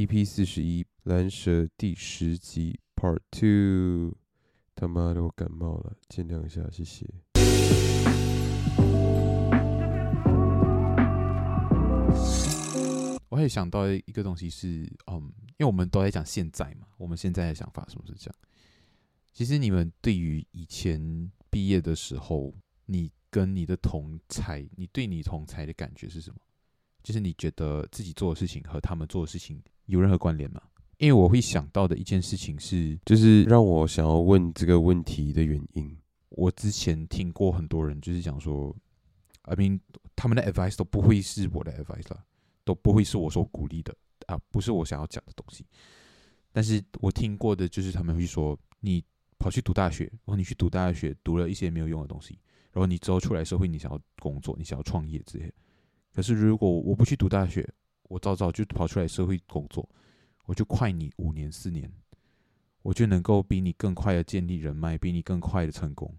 E.P. 四十一藍蛇第十輯 Part Two。他媽的，我感冒了，見諒一下，謝謝。我還有想到一個東西是，嗯，因為我們都在講現在嘛，我們現在的想法是不是這樣？其實你們對於以前畢業的時候，你跟你的同儕，你對你同儕的感覺是什麼？就是你覺得自己做的事情和他們做的事情，有任何關聯嗎？因為我會想到的一件事情是，就是讓我想要問這個問題的原因。我之前聽過很多人就是講說阿斌 I mean, 他們的 advice 都不會是我的 advice 啦，都不會是我所鼓勵的啊，不是我想要講的東西。但是我聽過的就是他們會說，你跑去讀大學，然後你去讀大學，讀了一些沒有用的東西，然後你之後出來社會，你想要工作，你想要創業之類。可是如果我不去讀大學，我早早就跑出來社會工作，我就快你五年四年，我就能夠比你更快的建立人脈，比你更快的成功。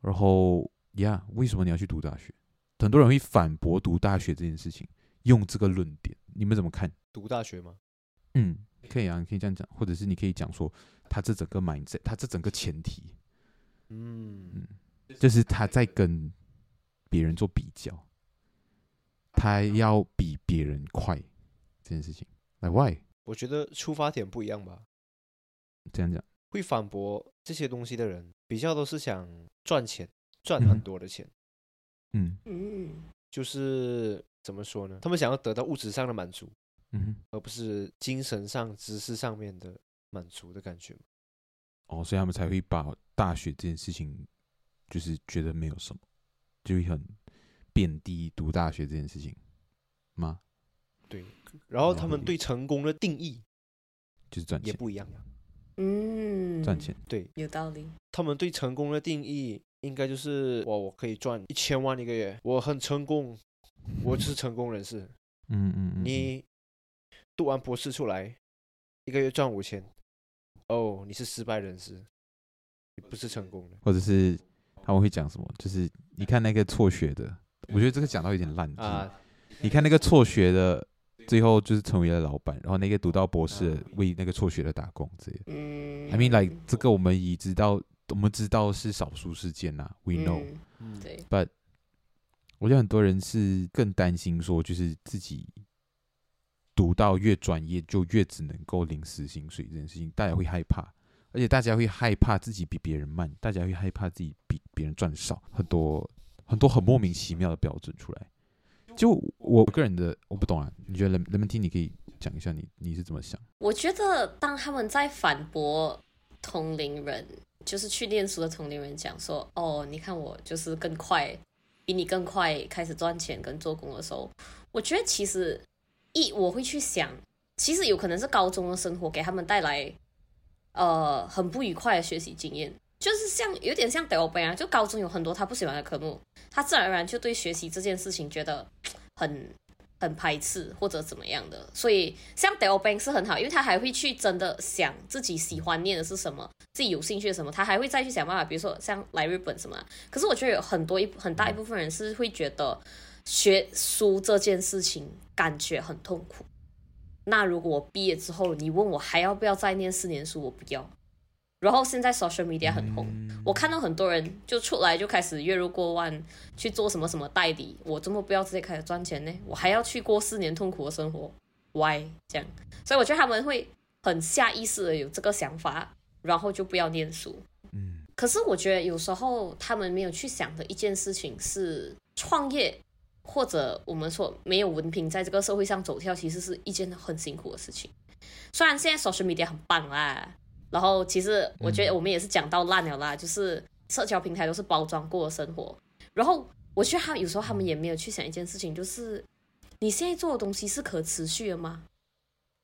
然後，呀、yeah，為什麼你要去讀大學？很多人會反駁讀大學這件事情，用這個論點，你們怎麼看？讀大學嗎？嗯，可以啊，你可以這樣講，或者是你可以講說，他這整個 mindset，他這整個前提，嗯，嗯，就是他在跟別人做比較，他要比別人快。這件事情，來、like，why？我覺得出發點不一樣吧。這樣講，會反駁這些東西的人，比較都是想賺錢，賺很多的錢。嗯嗯，嗯，就是怎麼說呢？他們想要得到物質上的滿足，嗯哼，而不是精神上、知識上面的滿足的感覺嗎？哦，所以他們才會把大學這件事情，就是覺得沒有什麼，就會很貶低讀大學這件事情嗎？對，然後他們對成功的定義就是賺錢，也不一樣嗯，賺錢對，有道理。他們對成功的定義應該就是我我可以賺一千萬一個月，我很成功，我就是成功人士。嗯嗯，你讀完博士出來，一個月賺五千，哦，你是失敗人士，不是成功的，或者是他們會講什麼？就是你看那個輟學的，我覺得這個講到有點爛啊。你看那個輟學的。最後就是成為了老板，然後那個讀到博士為那個輟學的打工者。嗯，I mean，來、like, 這個我們已知道，我們知道是少數事件啦、啊、We know，、嗯、對。But 我覺得很多人是更擔心說，就是自己讀到越專業，就越只能夠領死薪水這件事情，大家會害怕，而且大家會害怕自己比別人慢，大家會害怕自己比別人賺得少，很多很多很莫名其妙的標準出來。就我個人的我不懂啊，你覺得 Lemon Tea 你可以講一下你你是怎麼想？我覺得當他們在反駁同齡人，就是去念書的同齡人講說，哦，你看我就是更快，比你更快開始賺錢跟做工的時候，我覺得其實一我會去想，其實有可能是高中的生活給他們帶來呃很不愉快的學習經驗。就是像有點像德奧班啊，就高中有很多他不喜歡的科目，他自然而然就對學習這件事情覺得很很排斥或者怎麼樣的。所以像德 n k 是很好，因為他還會去真的想自己喜歡念的是什麼，自己有興趣的什麼，他還會再去想辦法，比如說像來日本什麼。可是我覺得有很多一很大一部分人是會覺得學書這件事情感覺很痛苦。那如果我畢業之後，你問我還要不要再念四年書，我不要。然後現在 social media 很紅，我看到很多人就出來就開始月入過萬，去做什麼什麼代理。我這麼不要直接開始賺錢呢？我還要去過四年痛苦的生活？Why 這樣？所以我覺得他們會很下意識的有這個想法，然後就不要念書。嗯，可是我覺得有時候他們沒有去想的一件事情是創業，或者我們說沒有文憑在這個社會上走跳，其實是一件很辛苦的事情。雖然現在 social media 很棒啦。然後，其實我覺得我們也是講到爛了啦。嗯、就是社交平台都是包裝過的生活。然後，我覺得他有時候他們也沒有去想一件事情，就是你現在做的東西是可持續的嗎？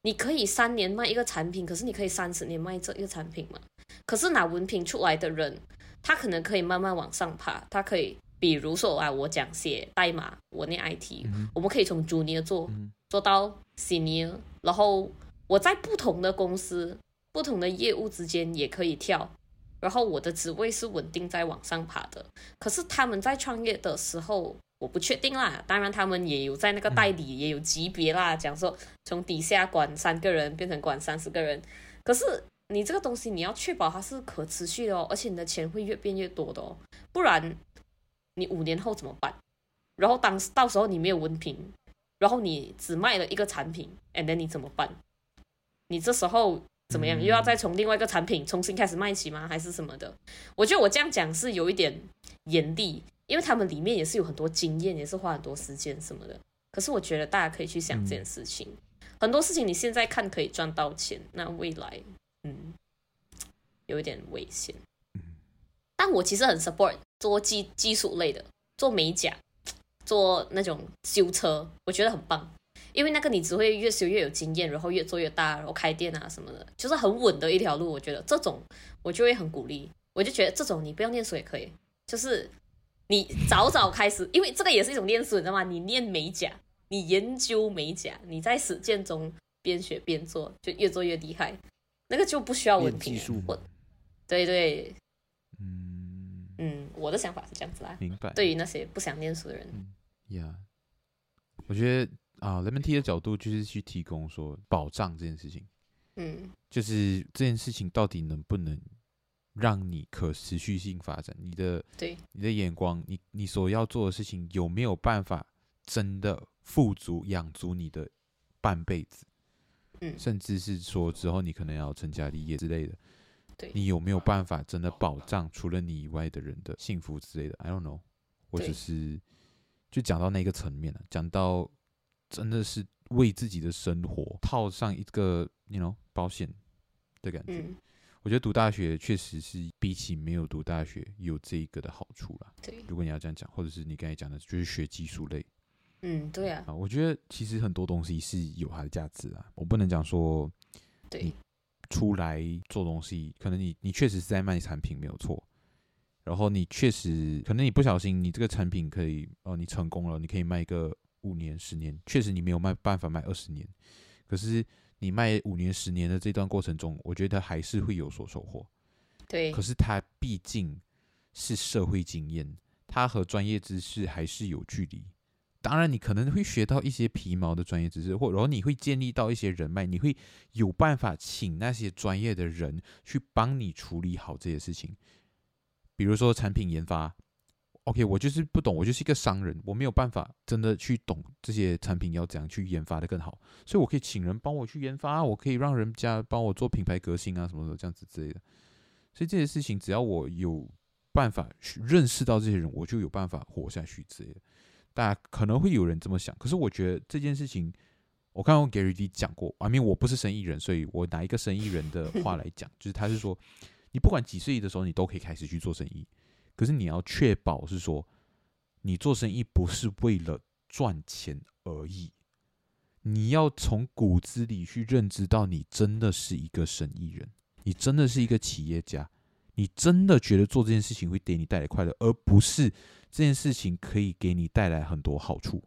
你可以三年賣一個產品，可是你可以三十年賣這一個產品嗎？可是拿文憑出來的人，他可能可以慢慢往上爬。他可以，比如說啊，我講寫代碼，我念 IT，、嗯、我們可以從 Junior 做做到 Senior，嗯。然後我在不同的公司。不同的業務之間也可以跳，然後我的職位是穩定在往上爬的。可是他們在創業的時候，我不確定啦。當然，他們也有在那個代理也有級別啦，講說從底下管三個人變成管三十個人。可是你這個東西，你要確保它是可持續的哦，而且你的錢會越變越多的哦，不然你五年後怎麼辦？然後當到時候你沒有文憑，然後你只賣了一個產品，and then 你怎麼辦？你這時候。怎麼樣？又要再從另外一個產品重新開始賣起嗎？還是什麼的？我覺得我這樣講是有一點嚴厲，因為他們裡面也是有很多經驗，也是花很多時間什麼的。可是我覺得大家可以去想這件事情，很多事情你現在看可以賺到錢，那未來，嗯，有一點危險。但我其實很 support 做技技術類的，做美甲，做那種修車，我覺得很棒。因為那個你只會越修越有經驗，然後越做越大，然後開店啊什麼的，就是很穩的一條路。我覺得這種我就會很鼓勵，我就覺得這種你不用念書也可以，就是你早早開始，因為這個也是一種念書，你知道嗎？你念美甲，你研究美甲，你在實踐中邊學邊做，就越做越厲害。那個就不需要文憑。練技術。對對。嗯嗯，我的想法是這樣子啦，明白。對於那些不想念書的人。呀、嗯，yeah. 我覺得。啊、uh,，Lemon Tea 的角度就是去提供說保障這件事情，嗯，就是這件事情到底能不能讓你可持續性發展？你的，對你的眼光，你你所要做的事情有沒有辦法真的富足養足你的半輩子？嗯，甚至是說之後你可能要成家立業之類的，對你有沒有辦法真的保障除了你以外的人的幸福之類的？I don't know，我只是就講到那個層面了，講到。真的是為自己的生活套上一個，你 you know，保險的感覺。嗯，我覺得讀大學確實是比起沒有讀大學有這一個的好處啦。對，如果你要這樣講，或者是你剛才講的，就是學技術類。嗯，對啊，啊。我覺得其實很多東西是有它的價值啊。我不能講說，你出來做東西，可能你你確實是在賣產品，沒有錯。然後你確實，可能你不小心，你這個產品可以，哦，你成功了，你可以賣一個。五年、十年，確實你沒有賣辦法賣二十年，可是你賣五年、十年的這段過程中，我覺得還是會有所收穫。對，可是它畢竟是社會經驗，它和專業知識還是有距離。當然，你可能會學到一些皮毛的專業知識，或者然後你會建立到一些人脈，你會有辦法請那些專業的人去幫你處理好這些事情，比如說產品研發。OK，我就是不懂，我就是一個商人，我沒有辦法真的去懂這些產品要怎樣去研發的更好，所以我可以請人幫我去研發，我可以讓人家幫我做品牌革新啊，什麼什麼這樣子之類的。所以這些事情，只要我有辦法認識到這些人，我就有辦法活下去之類的。大家可能會有人這麼想，可是我覺得這件事情，我剛剛給 Gary D 講過，阿明 I mean, 我不是生意人，所以我拿一個生意人的話來講， 就是他是說，你不管幾歲的時候，你都可以開始去做生意。可是你要確保是說，你做生意不是為了賺錢而已，你要從骨子裡去認知到，你真的是一個生意人，你真的是一個企業家，你真的覺得做這件事情會給你帶來快樂，而不是這件事情可以給你帶來很多好處。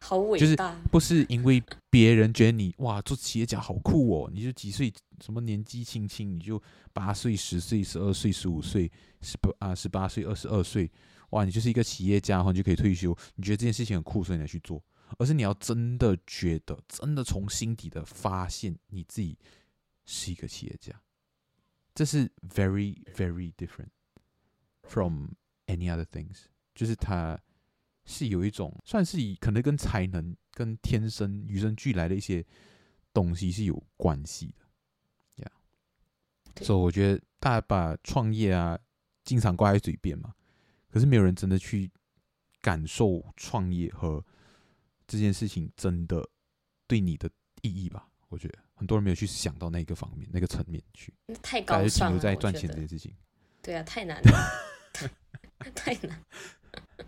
好偉大，不是因為別人覺得你哇，做企業家好酷哦，你就幾歲，什麼年紀輕輕，你就八歲、十歲、十二歲、十五歲、十啊十八歲、二十二歲，哇，你就是一個企業家，然後你就可以退休。你覺得這件事情很酷，所以你來去做。而是你要真的覺得，真的從心底的發現你自己是一個企業家，這是 very very different from any other things。就是他。是有一種，算是以可能跟才能、跟天生與生俱來的一些東西是有關係的，所、yeah. 以對、so, 我覺得大家把創業啊經常掛在嘴邊嘛，可是沒有人真的去感受創業和這件事情真的對你的意義吧？我覺得很多人沒有去想到那個方面、那個層面去。太高尚，停留在賺錢這件事情。對啊，太難了， 太，太難。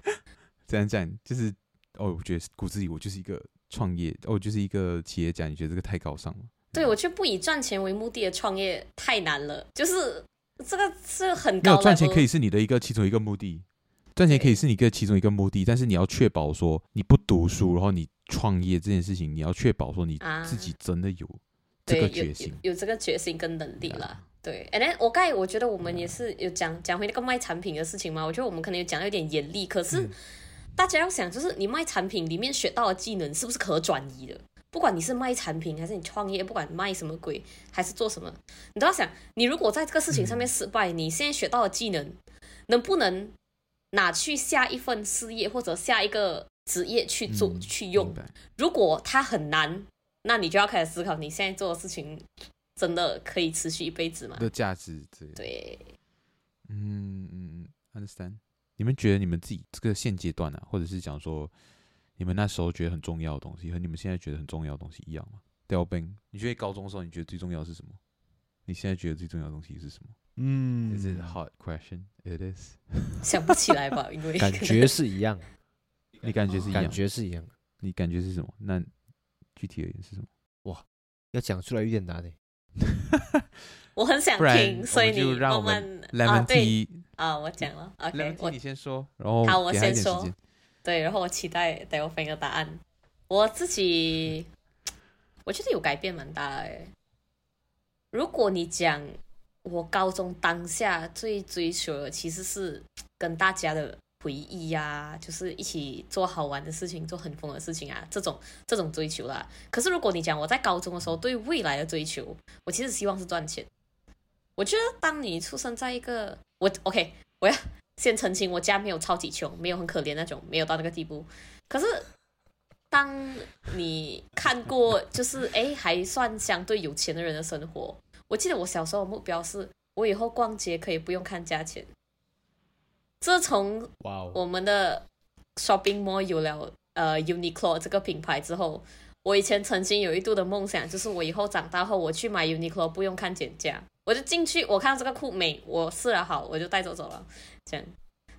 這樣這樣就是哦，我覺得骨子裡我就是一個創業哦，就是一個企業家。你覺得這個太高尚了？對，我就不以賺錢為目的的創業太難了。就是這個是很高。有賺錢可以是你的一個其中一個目的，賺錢可以是你的其中一個目的，對但是你要確保說你不讀書，然後你創業這件事情，你要確保說你自己真的有這個決心，啊、有，有，有這個決心跟能力了。對，哎我剛才我覺得我們也是有講講回那個賣產品的事情嘛，我覺得我們可能有講到有點嚴厲，可是。是大家要想，就是你賣產品裡面學到的技能是不是可轉移的？不管你是賣產品，還是你創業，不管賣什麼鬼，還是做什麼，你都要想，你如果在這個事情上面失敗， 你現在學到的技能能不能拿去下一份事業或者下一個職業去做、嗯、去用？明白。如果它很難，那你就要開始思考，你現在做的事情真的可以持續一輩子嗎？的價值。對，對嗯嗯嗯，understand。你們覺得你們自己這個現階段呢、啊，或者是講說你們那時候覺得很重要的東西，和你們現在覺得很重要的東西一樣嗎？Teh O Peng、mm，hmm. 你覺得高中的時候你覺得最重要是什麼？你現在覺得最重要的東西是什麼？嗯、mm hmm.，Is it a hard question? It is。想不起來吧，因為 感覺是一樣。 你感覺是一樣，oh, 感覺是一樣。感覺是一樣。你感覺是什麼？那具體而言是什麼？哇，要講出來有點難嘞。哈哈， 我很想聽，Friend, 所以你就讓我們，我們啊，lemon tea, 對啊，我講了 lemon tea，OK，我你先說，然後好，我先說，對，然後我期待待會分個答案。我自己，我覺得有改變蠻大的、哎，如果你講我高中當下最追求的，其實是跟大家的。回憶呀、啊，就是一起做好玩的事情，做很瘋的事情啊，這種這種追求啦。可是如果你講我在高中的時候對未來的追求，我其實希望是賺錢。我覺得當你出生在一個我 OK，我要先澄清，我家沒有超級窮，沒有很可憐那種，沒有到那個地步。可是當你看過就是哎還算相對有錢的人的生活，我記得我小時候的目標是我以後逛街可以不用看價錢。自從我們的 shopping mall 有了呃 Uniqlo 這個品牌之後，我以前曾經有一度的夢想，就是我以後長大後我去買 Uniqlo 不用看減價，我就進去，我看到這個褲美，我試了好，我就帶走走了，這樣。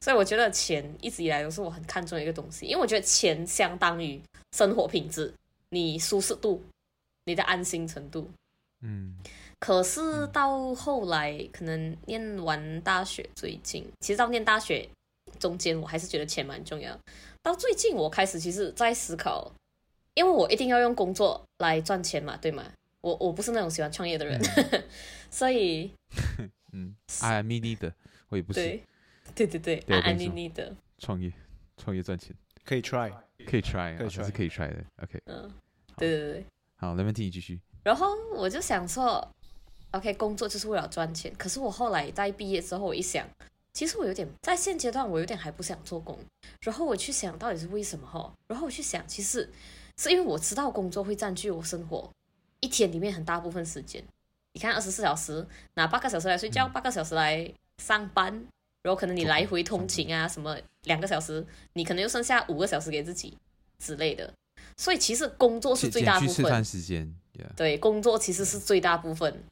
所以我覺得錢一直以來都是我很看重的一個東西，因為我覺得錢相當於生活品質、你舒適度、你的安心程度，嗯。可是到後來，可能念完大學最近，其實到念大學中間，我還是覺得錢蠻重要。到最近，我開始其實在思考，因為我一定要用工作來賺錢嘛，對嗎？我我不是那種喜歡創業的人，嗯、 所以，嗯，愛咪咪的，我也不是 對對對對，愛咪咪的創業，創業賺錢可以 try，可以 try，還是可以 try 的。OK，嗯，好對，對對對，好，那邊聽你繼續。然後我就想說。OK，工作就是為了賺錢。可是我後來在畢業之後，我一想，其實我有點在現階段，我有點還不想做工。然後我去想到底是為什麼吼，然後我去想，其實是因為我知道工作會占據我生活一天裡面很大部分時間。你看，二十四小時，拿八個小時來睡覺，八、嗯、個小時來上班，然後可能你來回通勤啊，嗯、什麼兩個小時，你可能又剩下五個小時給自己之類的。所以其實工作是最大部分時間。Yeah. 對，工作其實是最大部分。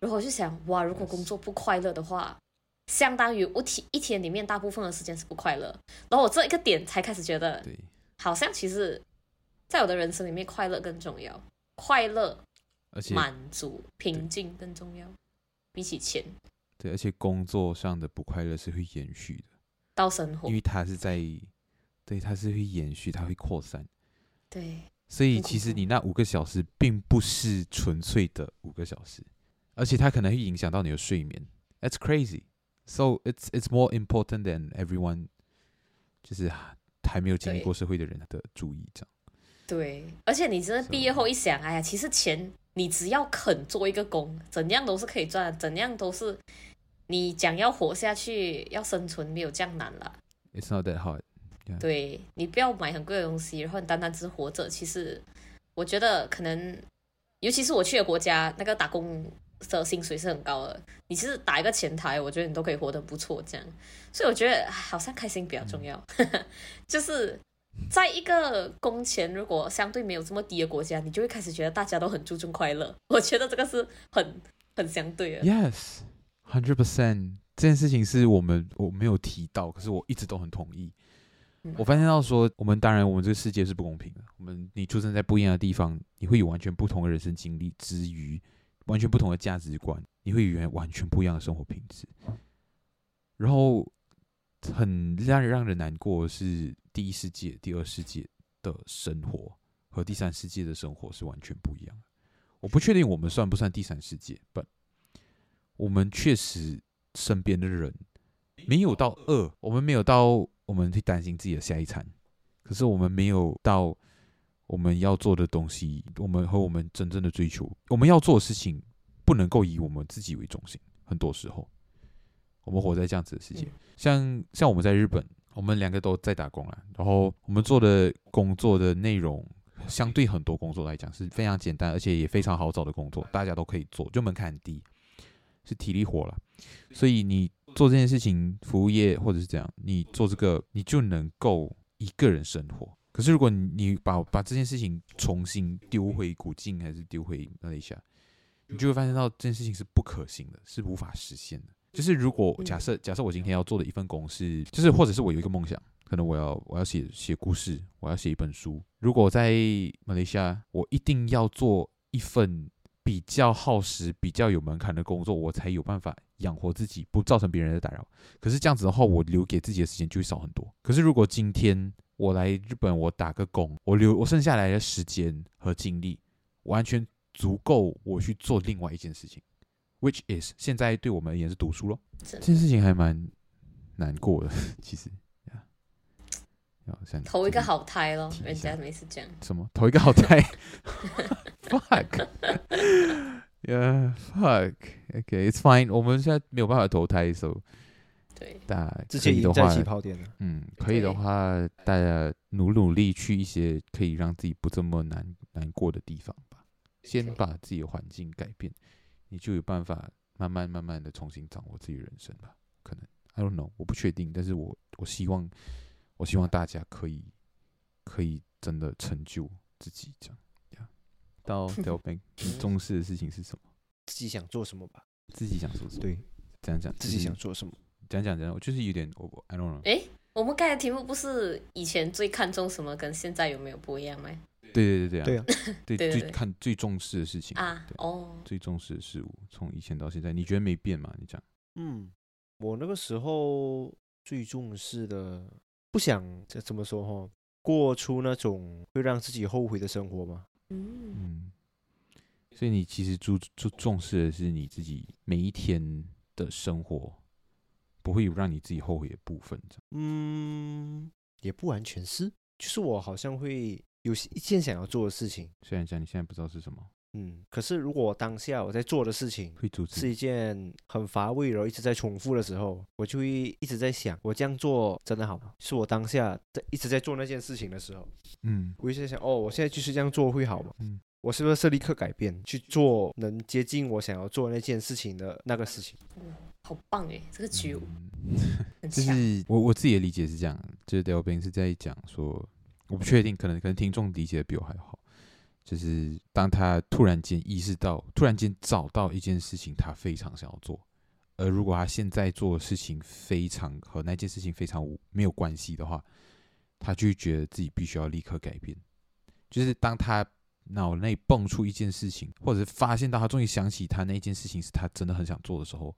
如果我就想，哇，如果工作不快樂的話，是相當於我體一天裡面大部分的時間是不快樂。然後我這一個點才開始覺得，對，好像其實，在我的人生裡面，快樂更重要，快樂、而且滿足、平靜更重要，對比起錢。對，而且工作上的不快樂是會延續的，到生活，因為它是在，對，它是會延續，它會擴散。對，所以其實你那五個小時並不是純粹的五個小時。而且它可能會影響到你的睡眠，That's crazy. So it's it's more important than everyone，就是還沒有經歷過社會的人的注意這樣。對，而且你真的畢業後一想，so, 哎呀，其實錢你只要肯做一個工，怎樣都是可以賺，怎樣都是你講要活下去、要生存沒有這樣難了。It's not that hard. Yeah. 對，你不要買很貴的東西，然後你單單只活着，其實我覺得可能，尤其是我去的國家那個打工。的薪水是很高的，你其實打一個前台，我覺得你都可以活得不錯這樣。所以我覺得好像開心比較重要，嗯、 就是在一個工錢如果相對沒有這麼低的國家，你就會開始覺得大家都很注重快樂。我覺得這個是很很相對的。Yes，hundred percent。這件事情是我們我沒有提到，可是我一直都很同意。嗯、我發現到說，我們當然我們這個世界是不公平的。我們你出生在不一樣的地方，你會有完全不同的人生經歷之餘。完全不同的價值觀，你會與人完全不一樣的生活品質。然後，很讓讓人難過的是，第一世界、第二世界的生活和第三世界的生活是完全不一樣的。我不確定我們算不算第三世界，但，我們確實身邊的人沒有到餓，我們沒有到我們去擔心自己的下一餐，可是我們沒有到。我們要做的東西，我們和我們真正的追求，我們要做的事情，不能夠以我們自己為中心。很多時候，我們活在這樣子的世界。像像我們在日本，我們兩個都在打工啊。然後我們做的工作的內容，相對很多工作來講是非常簡單，而且也非常好找的工作，大家都可以做，就門檻低，是體力活了。所以你做這件事情，服務業或者是怎樣，你做這個，你就能夠一個人生活。可是，如果你你把把這件事情重新丟回古晉，還是丟回馬來西亞，你就會發現到這件事情是不可行的，是無法實現的。就是如果假設假設我今天要做的一份工是，就是或者是我有一個夢想，可能我要我要寫寫故事，我要寫一本書。如果在馬來西亞，我一定要做一份比較耗時、比較有門檻的工作，我才有辦法養活自己，不造成別人的打擾。可是這樣子的話，我留給自己的時間就會少很多。可是如果今天，我來日本，我打個工，我留我剩下來的時間和精力，完全足夠我去做另外一件事情，which is 現在對我們而言是讀書嘍。的這件事情還蠻難過的，其實。Yeah. 投一個好胎嘍，人家沒時間，什麼？投一個好胎。Fuck，yeah，fuck，okay，it's fine，我們現在沒有辦法投胎，so。對，自己的話，泡嗯，可以的話，okay, 大家努努力去一些可以讓自己不這麼難難過的地方吧。Okay, 先把自己的環境改變，你就有辦法慢慢慢慢的重新掌握自己人生吧。可能 I don't know，我不確定，但是我我希望，我希望大家可以可以真的成就自己這樣。Yeah. 到結尾、 就是，你重視的事情是什麼？自己想做什麼吧。自己想做什麼？對，這樣講，自己想做什麼？講講講，我就是有點，我 I don't know。哎，我們剛才的題目不是以前最看重什麼，跟現在有沒有不一樣嗎？對對對對啊！對啊， 對，對，對，對，對，最看最重視的事情啊，對哦，最重視的事物，從以前到現在，你覺得沒變嗎？你講，嗯，我那個時候最重視的，不想這怎麼說哈、哦，過出那種會讓自己後悔的生活嘛。嗯嗯，所以你其實注注重視的是你自己每一天的生活。不會有讓你自己後悔的部分，這樣。嗯，也不完全是，就是我好像會有一件想要做的事情。雖然講你現在不知道是什麼，嗯，可是如果我當下我在做的事情，會是一件很乏味然後一直在重複的時候，我就會一直在想，我這樣做真的好嗎？就是我當下在一直在做那件事情的時候，嗯，我一直在想，哦，我現在就是這樣做會好嗎？嗯，我是不是，是立刻改變去做能接近我想要做那件事情的那個事情？嗯。好棒耶，這個曲，就、嗯、像是我我自己的理解是這樣，就是 David Ben 是在講說，我不確定，可能可能聽眾理解的比我還好，就是當他突然間意識到，突然間找到一件事情他非常想要做，而如果他現在做的事情非常和那件事情非常無沒有關係的話，他就覺得自己必須要立刻改變，就是當他腦內蹦出一件事情，或者是發現到他終於想起他那一件事情是他真的很想做的時候。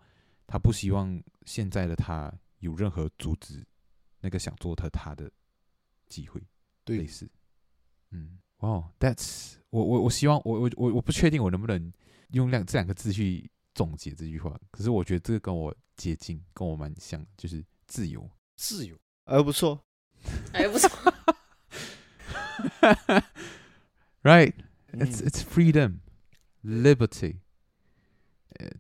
他不希望現在的他有任何阻止那個想做他他的機會，對類似，嗯，哦、wow，That's 我我我希望我我我我不確定我能不能用兩這兩個字去總結這句話，可是我覺得這個跟我接近，跟我蠻像，就是自由，自由，哎、啊，不錯，哎，不錯，Right，it's it's freedom, liberty.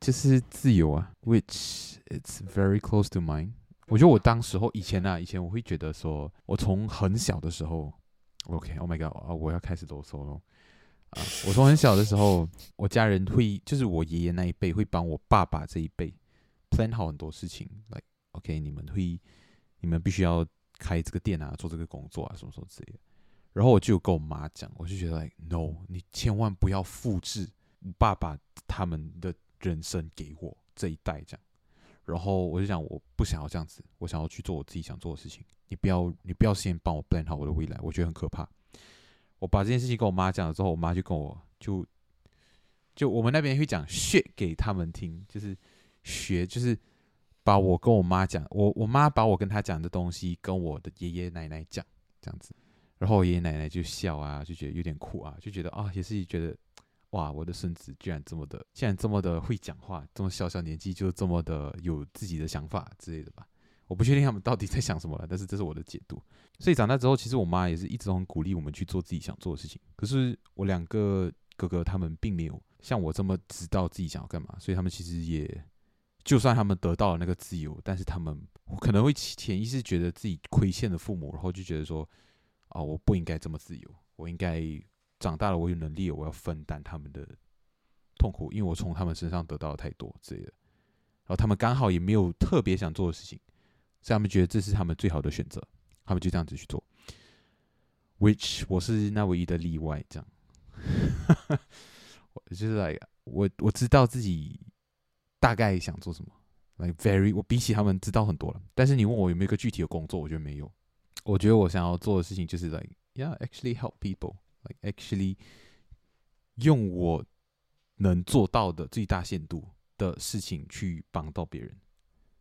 就是自由啊，which it's very close to mine。我覺得我當時候以前呢、啊，以前我會覺得說，我從很小的時候，OK，Oh my God 啊，我要開始囉嗦嘍。啊，我從很小的時候，我家人會就是我爺爺那一輩會幫我爸爸這一輩 plan 好很多事情，like OK，你們會你們必須要開這個店啊，做這個工作啊，什麼什麼之類的。然後我就跟我媽講，我就覺得 like No，你千萬不要複製爸爸他們的。人生給我這一代這樣，然後我就想我不想要這樣子，我想要去做我自己想做的事情。你不要，你不要先幫我 plan 好我的未來，我覺得很可怕。我把這件事情跟我媽講了之後，我媽就跟我就就我們那邊會講學給他們聽，就是學，就是把我跟我媽講，我我媽把我跟她講的東西跟我的爺爺奶奶講，這樣子，然後我爺爺奶奶就笑啊，就覺得有點酷啊，就覺得啊、哦，也是覺得。哇，我的孫子居然這麼的，居然這麼的會講話，這麼小小年紀就這麼的有自己的想法之類的吧？我不確定他們到底在想什麼了，但是這是我的解讀。所以長大之後，其實我媽也是一直很鼓勵我們去做自己想做的事情。可是我兩個哥哥他們並沒有像我這麼知道自己想要幹嘛，所以他們其實也，就算他們得到了那個自由，但是他們可能會潛意識覺得自己虧欠了父母，然後就覺得說，哦，我不應該這麼自由，我應該。長大了，我有能力，我要分擔他們的痛苦，因為我從他們身上得到了太多之類的。然後他們剛好也沒有特別想做的事情，所以他們覺得這是他們最好的選擇，他們就這樣子去做。Which 我是那唯一的例外，這樣。 就是 like 我我知道自己大概想做什麼，like very 我比起他們知道很多了。但是你問我有沒有一個具體的工作，我覺得沒有。我覺得我想要做的事情就是 like yeah actually help people。Like actually，用我能做到的最大限度的事情去幫到別人，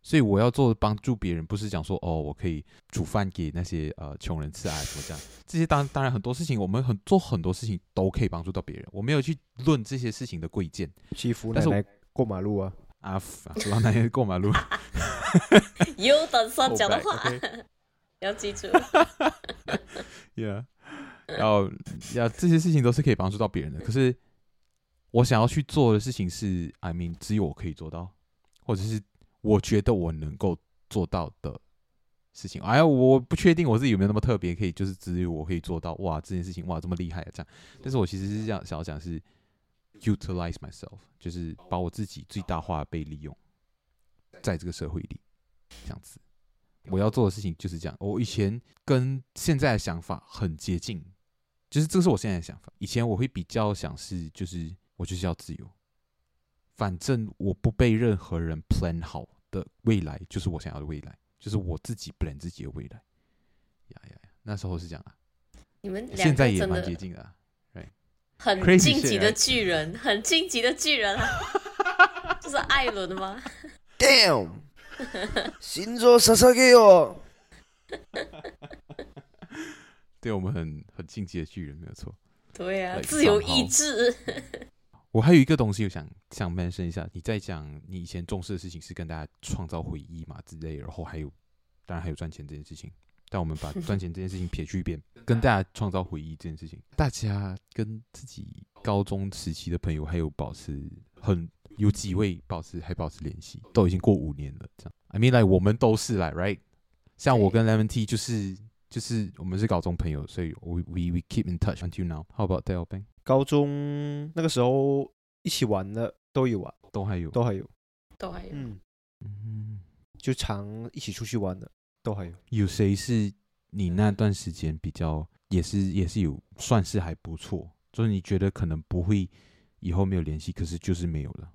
所以我要做幫助別人，不是講說哦，我可以煮飯給那些呃窮人吃啊，什麼這樣，這些當然當然很多事情，我們很做很多事情都可以幫助到別人，我沒有去論這些事情的貴賤。去扶奶奶過馬路啊， 啊，老 奶奶過馬路， 有等三講的話，要記住然後，然後這些事情都是可以幫助到別人的，可是我想要去做的事情是，I mean，只有我可以做到，或者是我覺得我能夠做到的事情。哎呀，我不確定我自己有沒有那麼特別，可以就是只有我可以做到。哇，這件事情哇這麼厲害啊，這樣，但是我其實是這樣想要講是 utilize myself，就是把我自己最大化被利用，在這個社會裡這樣子，我要做的事情就是這樣。我以前跟現在的想法很接近。就是這個是我現在的想法。以前我會比較想是，就是我就是要自由，反正我不被任何人 plan 好的未來就是我想要的未來，就是我自己 plan 自己的未來。呀呀，那時候是這樣啊。你們現在也蠻接近的，啊，的很進擊的巨人，很進擊的巨人啊！這是艾倫嗎？Damn！心臟 對我們很很禁忌的巨人，沒有錯。對啊，like, 自由意志。我還有一個東西，我想想 mention 一下。你在講你以前重視的事情是跟大家創造回憶嘛，之類，然後還有，當然還有賺錢這件事情。但我們把賺錢這件事情撇去一邊， 跟大家創造回憶這件事情，大家跟自己高中時期的朋友還有保持，很有幾位保持還保持聯繫，都已經過五年了。這樣，I mean like 我們都是啦 right？對像我跟 Lemon Tea 就是。就是我們是高中朋友，所以 we we we keep in touch until now。How about Teh O Peng？高中那個時候一起玩的都有啊，都還有，都還有，都還有，嗯就常一起出去玩的都還有。有誰是你那段時間比較也是、嗯、也是有算是還不錯，就是你覺得可能不會以後沒有聯繫，可是就是沒有了，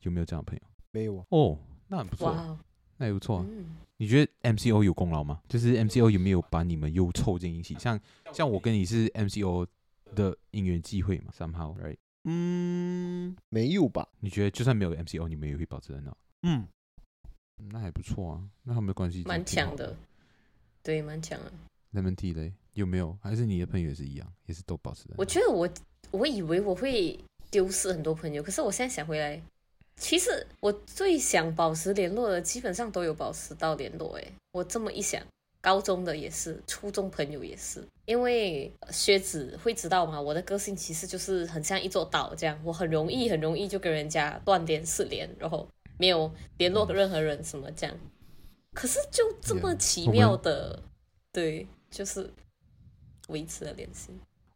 有沒有這樣的朋友？沒有、啊、哦，那很不錯。還、哎、不錯、啊，嗯、你覺得 MCO 有功勞嗎？就是 MCO 有沒有把你們又湊在一起？像像我跟你是 MCO 的因緣機會嘛？Somehow，right？嗯，Somehow, right? 沒有吧？你覺得就算沒有 MCO，你們也會保持很好？嗯，那還不錯啊，那他們的關係蠻強的，對，蠻強的。Lemon Tea 呢？有沒有？還是你的朋友也是一樣，也是都保持的？我覺得我我以為我會丟失很多朋友，可是我現在想回來。其實我最想保持聯絡的，基本上都有保持到聯絡。哎，我這麼一想，高中的也是，初中朋友也是，因為學子會知道嘛，我的個性其實就是很像一座島這樣，我很容易很容易就跟人家斷聯失聯，然後沒有聯絡任何人什麼這樣。可是就這麼奇妙的，yeah, okay. 對，就是維持了聯繫。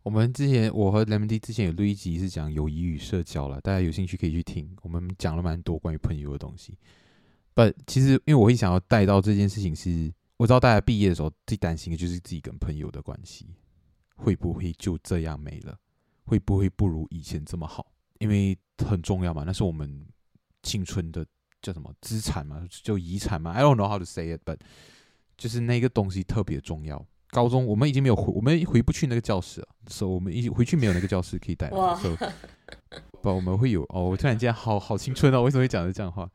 我們之前，我和 LMT 之前有錄一集是講友誼與社交了，大家有興趣可以去聽。我們講了蠻多關於朋友的東西。但其實因為我會想要帶到這件事情是，我知道大家畢業的時候最擔心的就是自己跟朋友的關係會不會就這樣沒了，會不會不如以前這麼好？因為很重要嘛，那是我們青春的叫什麼資產嘛，就遺產嘛。I don't know how to say it，but 就是那個東西特別重要。高中我們已經沒有回，我們回不去那個教室了。所以、so, 我們已經回去沒有那個教室可以帶。哇！不，我們會有哦。我突然間好好青春啊、哦！為什麼會講的這樣的話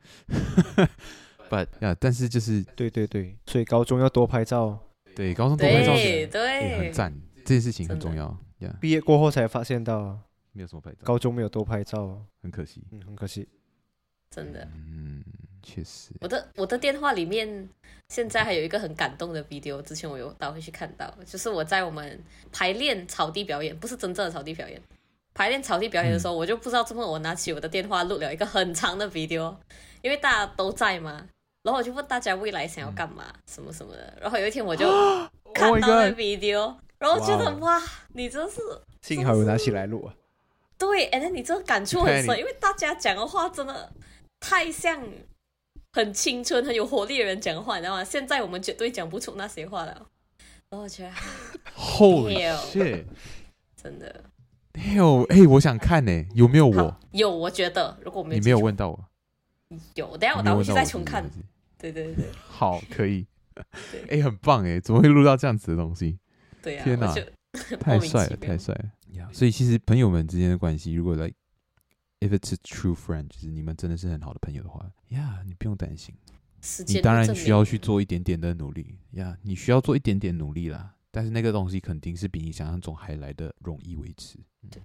？But 呀、yeah,，但是就是對對對，所以高中要多拍照。對，高中多拍照對對、欸、很讚，這件事情很重要。畢的 Yeah 業過後才發現到沒有什麼拍照，高中沒有多拍照，很可惜。嗯，很可惜。真的，嗯，確實。我的我的電話裡面現在還有一個很感動的 video，之前我有倒回去看到，就是我在我們排練草地表演，不是真正的草地表演，排練草地表演的時候，我就不知道怎麼我拿起我的電話錄了一個很長的 video，、嗯、因為大家都在嘛，然後我就問大家未來想要幹嘛，嗯、什麼什麼的，然後有一天我就看到了 video，、oh、然後覺得哇，Wow 你真是幸好有拿起來錄啊，對，and then，你這感觸很深，你你因為大家講的話真的。太像很青春、很有活力的人講話，你知道嗎？現在我們絕對講不出那些話了。我覺得後人真的。哎有，哎，我想看呢，有沒有我？有，我覺得。如果我沒有。你沒有問到我，有，等下我打回去再重看。對對對。好，可以。哎，很棒哎，怎麼會錄到這樣子的東西？對呀。天哪，太帥了，太帥了。所以其實朋友們之間的關係，如果在。If it's a true friend，就是你們真的是很好的朋友的話，呀、yeah,，你不用擔心。時間你當然需要去做一點點的努力，呀、yeah,，你需要做一點點努力啦。但是那個東西肯定是比你想象中還來的容易維持。對、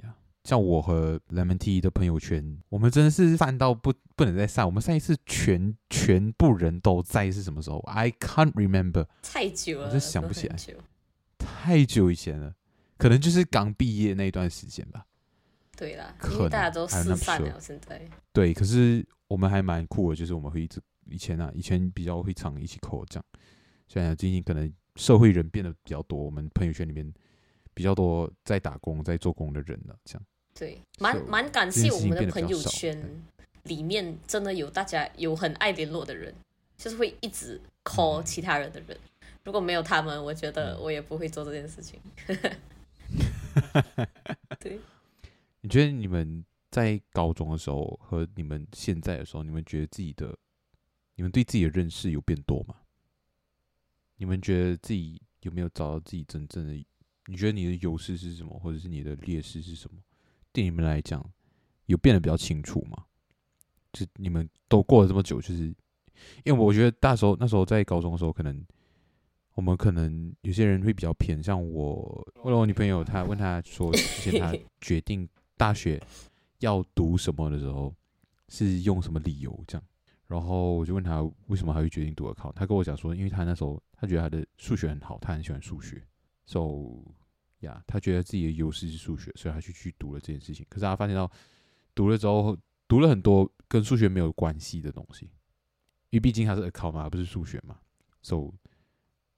yeah，像我和 Lemon Tea 的朋友圈，我們真的是散到不不能再散。我們上一次全全部人都在是什麼時候？I can't remember，太久了，我真想不起來。久太久以前了，可能就是剛畢業那段時間吧。對啦，因為大家都四散了，現在。對，可是我們還蠻酷的，就是我們會一直以前啊，以前比較會常一起 call 這樣。雖然、啊、最近可能社會人變得比較多，我們朋友圈裡面比較多在打工、在做工的人了、啊，這樣。對，以蠻蠻感謝我們的朋友圈裡面真的有大家有很愛聯絡的人，對就是會一直 call、嗯、其他人的人。如果沒有他們，我覺得我也不會做這件事情。 我覺得你們在高中的時候和你們現在的時候，你們覺得自己的，你們對自己的認識有變多嗎？你們覺得自己有沒有找到自己真正的？你覺得你的優勢是什麼，或者是你的劣勢是什麼？對你們來講，有變得比較清楚嗎？就你們都過了這麼久，就是因為我覺得那時候，那時候在高中的時候，可能我們可能有些人會比較偏，像我，為了我的女朋友，她問她說之前她決定。 大學要讀什麼的時候，是用什麼理由這樣？然後我就問他為什麼還會決定讀 account？他跟我講說，因為他那時候他覺得他的數學很好，他很喜歡數學，so 呀，他覺得自己的優勢是數學，所以他就去讀了這件事情。可是他發現到讀了之後，讀了很多跟數學沒有關係的東西，因為畢竟他是 account 嘛，而不是數學嘛，so。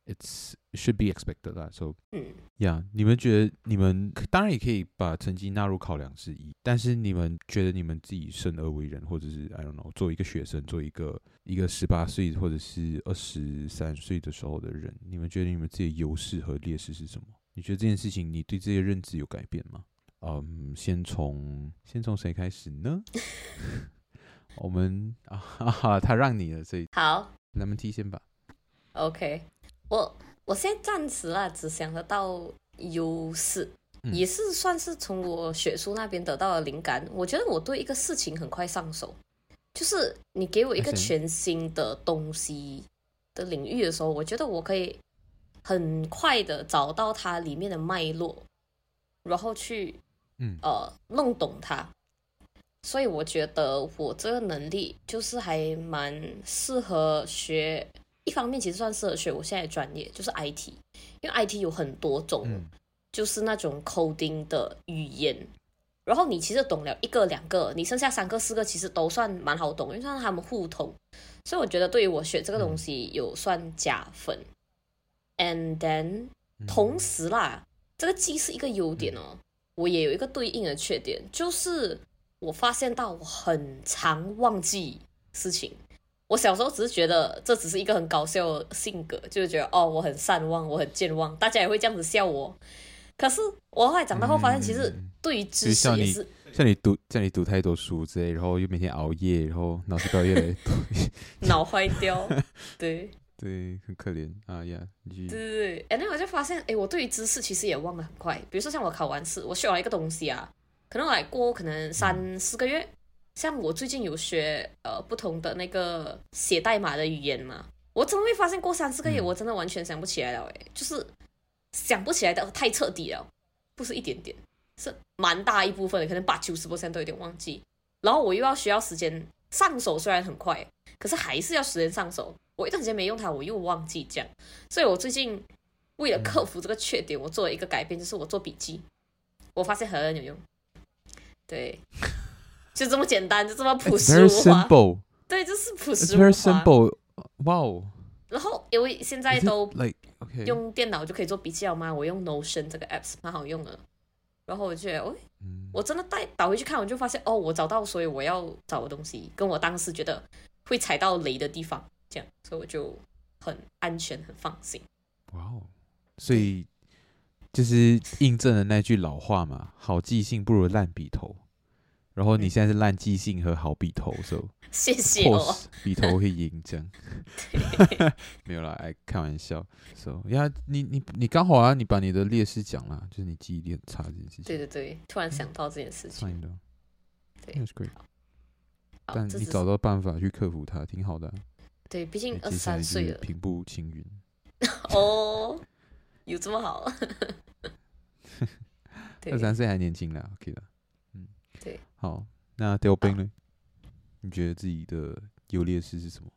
It's it should be expected,、that. so yeah，、嗯、你們覺得你們當然也可以把成績納入考量之一，但是你們覺得你們自己生而為人，或者是 I don't know，做一個學生，做一個一個十八歲或者是二十三歲的時候的人，你們覺得你們自己優勢和劣勢是什麼？你覺得這件事情，你對這些認知有改變嗎？嗯，先從先從誰開始呢？ 我們啊，啊，他讓你了，所以好，那麼 Lemon Tea 先吧，OK。我我現在暫時啊，只想得到優勢，也是算是從我學書那邊得到的靈感。我覺得我對一個事情，很快上手，就是你給我一個全新的東西的領域的時候，Okay. 我覺得我可以很快的找到它裡面的脈絡，然後去，嗯、呃，弄懂它。所以我覺得我這個能力就是還蠻適合學。一方面其實算適合學，我現在專業就是 IT，因為 IT 有很多種，就是那種 coding 的語言，嗯、然後你其實懂了一個兩個，你剩下，三個四個其實都算蠻好懂，因為算是他們互通，所以我覺得對於我學這個東西有算加分。嗯、And then 同時啦，嗯、這個既是一個優點哦，我也有一個對應的缺點，就是我發現到我很常忘記事情。我小時候只是覺得這只是一個很搞笑的性格，就覺得哦，我很善忘，我很健忘，大家也會這樣子笑我。可是我後來長大後發現，其實對於知識也是、嗯、像，你像你讀像你讀太多書之類，然後又每天熬夜，然後腦子比較累， 腦壞掉。對 對，很可憐啊呀。對、yeah, 對，那我就發現，哎，我對於知識其實也忘得很快。比如說，像我考完試，我學完一個東西啊，可能我來過可能三、嗯、四個月。像我最近有學呃不同的那個寫代碼的語言嘛，我怎麼沒發現過三四個月？我真的完全想不起來了、嗯、就是想不起來的太徹底了，不是一點點，是蠻大一部分的可能八九十 percent 都有一點忘記。然後我又要需要時間上手，雖然很快，可是還是要時間上手。我一段時間沒用它，我又忘記這樣，所以我最近為了克服這個缺點，我做了一個改變，就是我做筆記，我發現很，很有用，對。 就這麼簡單，就這麼樸實無華。對，就是樸實無華。哇哦！然後因為現在都用電腦就可以做筆記了嗎？我用 Notion 這個 App 蠻好用的。然後我就覺得，哎，我真的帶倒回去看，我就發現，嗯、哦，我找到所以我要找的東西，跟我當時覺得會踩到雷的地方，這樣，所以我就很安全，很放心。哇哦！所以就是印證了那句老話嘛：好記性不如爛筆頭。然後你現在是爛記性和好筆頭，所以，謝謝我筆頭會贏，這樣對沒有啦，哎，開玩笑，所以，呀，你你你剛好啊，你把你的劣勢講了，就是你記憶力很差這件事情。對對對，突然想到這件事情。Fine，、嗯、對，那是 was Great。但你找到辦法去克服它，挺好的、啊。對、啊，畢竟、欸、二三歲了，平步青雲。哦，有這麼好？ 二三歲還年輕呢，OK 的。好，那 Teh O Peng 呢？你覺得自己的優劣勢是什麼？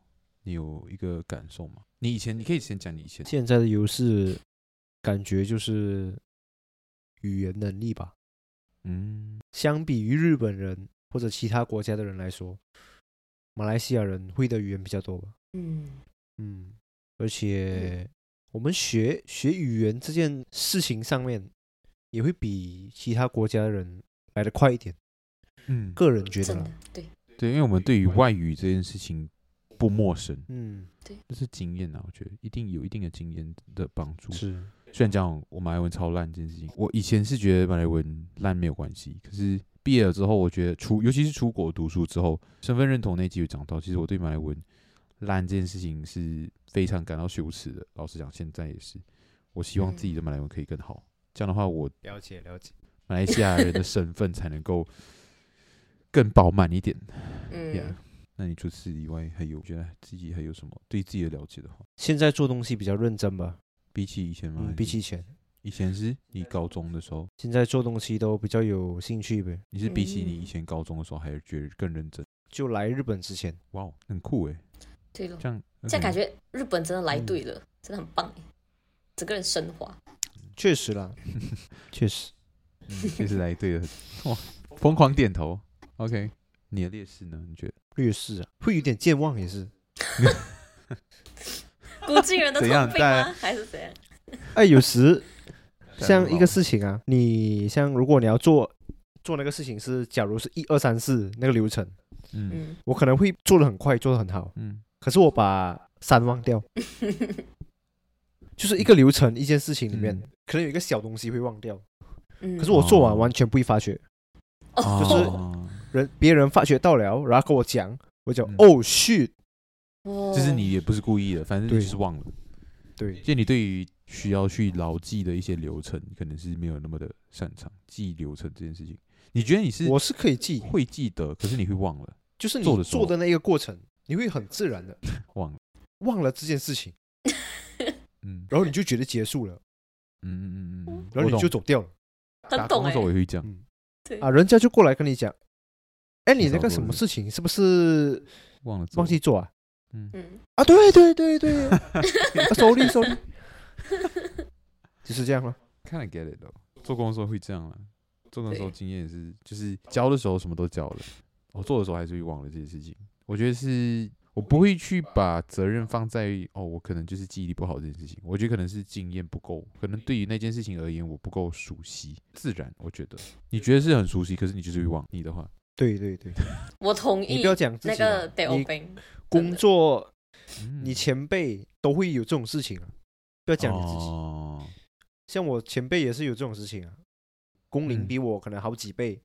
你有一個感受嗎？你以前你可以先講你以前現在的優勢，感覺就是語言能力吧。嗯，相比於日本人或者其他國家的人來說，馬來西亞人會的語言比較多吧。嗯嗯，而且對我們學學語言這件事情上面，也會比其他國家的人來得快一點。嗯，個人覺得，對對，因為我們對於外語這件事情不陌生，嗯，對，這是經驗啊，我覺得一定有一定的經驗的幫助。是，雖然講我馬來文超爛這件事情，我以前是覺得馬來文爛沒有關係，可是畢業了之後，我覺得出，尤其是出國讀書之後，身份認同那集有講到，其實我對馬來文爛這件事情是非常感到羞恥的。老實講，現在也是，我希望自己的馬來文可以更好。對這樣的話我，我了解了解馬來西亞人的身份才能夠。 更飽滿一點，嗯，那你除此以外還有覺得自己還有什麼對自己的了解的話？現在做東西比較認真吧，比起以前嘛，比起以前，以前是你高中的時候，現在做東西都比較有興趣唄。你是比起你以前高中的時候，還是覺得更認真？就來日本之前，哇，很酷哎，對了，這樣這樣感覺日本真的來對了，真的很棒哎，整個人升華，確實啦，確實，確實來對了，哇，瘋狂點頭。OK，你的劣勢呢？你覺得劣勢啊，會有點健忘，也是。 估計人都這樣嗎？怎樣哎，還是怎樣？哎，有時像一個事情啊，你像如果你要做做那個事情是，假如是一二三四那個流程，嗯，我可能會做得很快，做得很好，嗯，可是我把三忘掉， 就是一個流程一件事情裡面，嗯，可能有一個小東西會忘掉，嗯，可是我做完完全不會發覺，哦，就是。人別人發覺到了，然後跟我講，我講哦 shit！就是你也不是故意的，反正你就是忘了。對，就你對於需要去牢記的一些流程，可能是沒有那麼的擅長記憶流程這件事情。你覺得你是我是可以記會記得，可是你會忘了，就是你做的那個過程，你會很自然的忘了忘了這件事情。嗯，然後你就覺得結束了，嗯嗯嗯嗯，然後你就走掉了。很懂，我也會這樣。啊，人家就過來跟你講。哎、欸,你那個什麼事情是不是忘了忘記做啊？嗯啊，對對對對啊， 啊，sorry sorry sorry， 就是這樣嗎？Kind of get it。做工的時候會這樣了，做工的時候經驗是就是教的時候什麼都教了，我做的時候還是會忘了這件事情。我覺得是我不會去把責任放在哦，我可能就是記憶力不好這件事情。我覺得可能是經驗不夠，可能對於那件事情而言，我不夠熟悉。自然，我覺得你覺得是很熟悉，可是你就是會忘。你的話。對對對，我同意。 你不要講自己那個，你工作，嗯、你前輩都會有這種事情啊。不要講你自己，哦、像我前輩也是有這種事情啊，工齡比我可能好幾倍，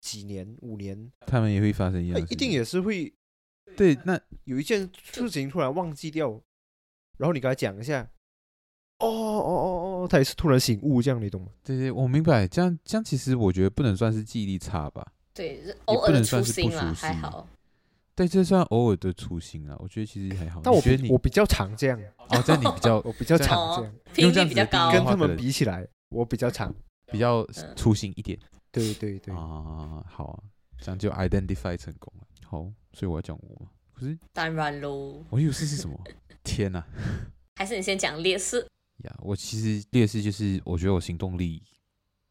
幾年五年。他們也會發生一樣。他一定也是會。對、啊，那有一件事情突然忘記掉，那就 然後你跟他講一下，哦哦哦哦，他也是突然醒悟，這樣你懂嗎？對對，我明白。這樣這樣，其實我覺得不能算是記憶力差吧。對，偶爾不能算是不熟悉。好對，這算偶爾的粗心啊，我覺得其實還好。但我你覺得你我比較常這樣，哦， 在你比較，我比較常這樣，頻率比較高。跟他們比起來，我比較常， 比較粗心一點。嗯、對對對啊、呃，好啊，這樣就 identify 成功了。好，所以我要講我嘛，可是當然嘍。 我優勢是什麼？天哪、啊！ 還是你先講劣勢呀？Yeah, 我其實劣勢就是，我覺得我行動力。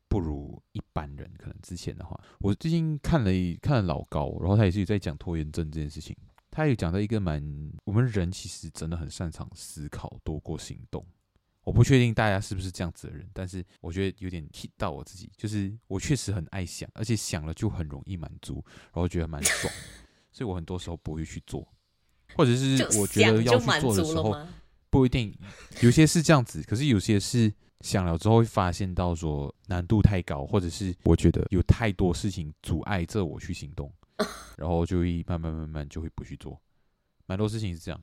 不如一般人，可能之前的話，我最近看了看了老高，然後他也是在講拖延症這件事情，他有講到一個蠻，我們人其實真的很擅長思考多過行動，我不確定大家是不是這樣子的人，但是我覺得有點 hit 到我自己，就是我確實很愛想，而且想了就很容易滿足，然後覺得蠻爽， 所以我很多時候不會去做，或者是我覺得要去做的時候，就就不一定，有些是這樣子，可是有些是。想了之後會發現到說難度太高，或者是我覺得有太多事情阻礙着我去行動， 然後就會慢慢慢慢就會不去做。蠻多事情是這樣。